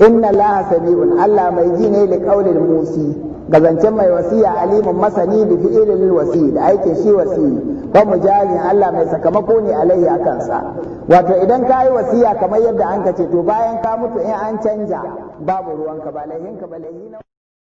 inna allaha sami'un allah mai ji ne li qaulil musi gazancen mai wasiya alimin masani bi fi'ilil wasi da aikin shi wasi mu mujazin Allah mai sakamako ne alaihi akansa wato idan ka yi wasiya kamar yadda an ka ce to bayan ka mutu in an canja babu ruwanka ba laihinka ba laihi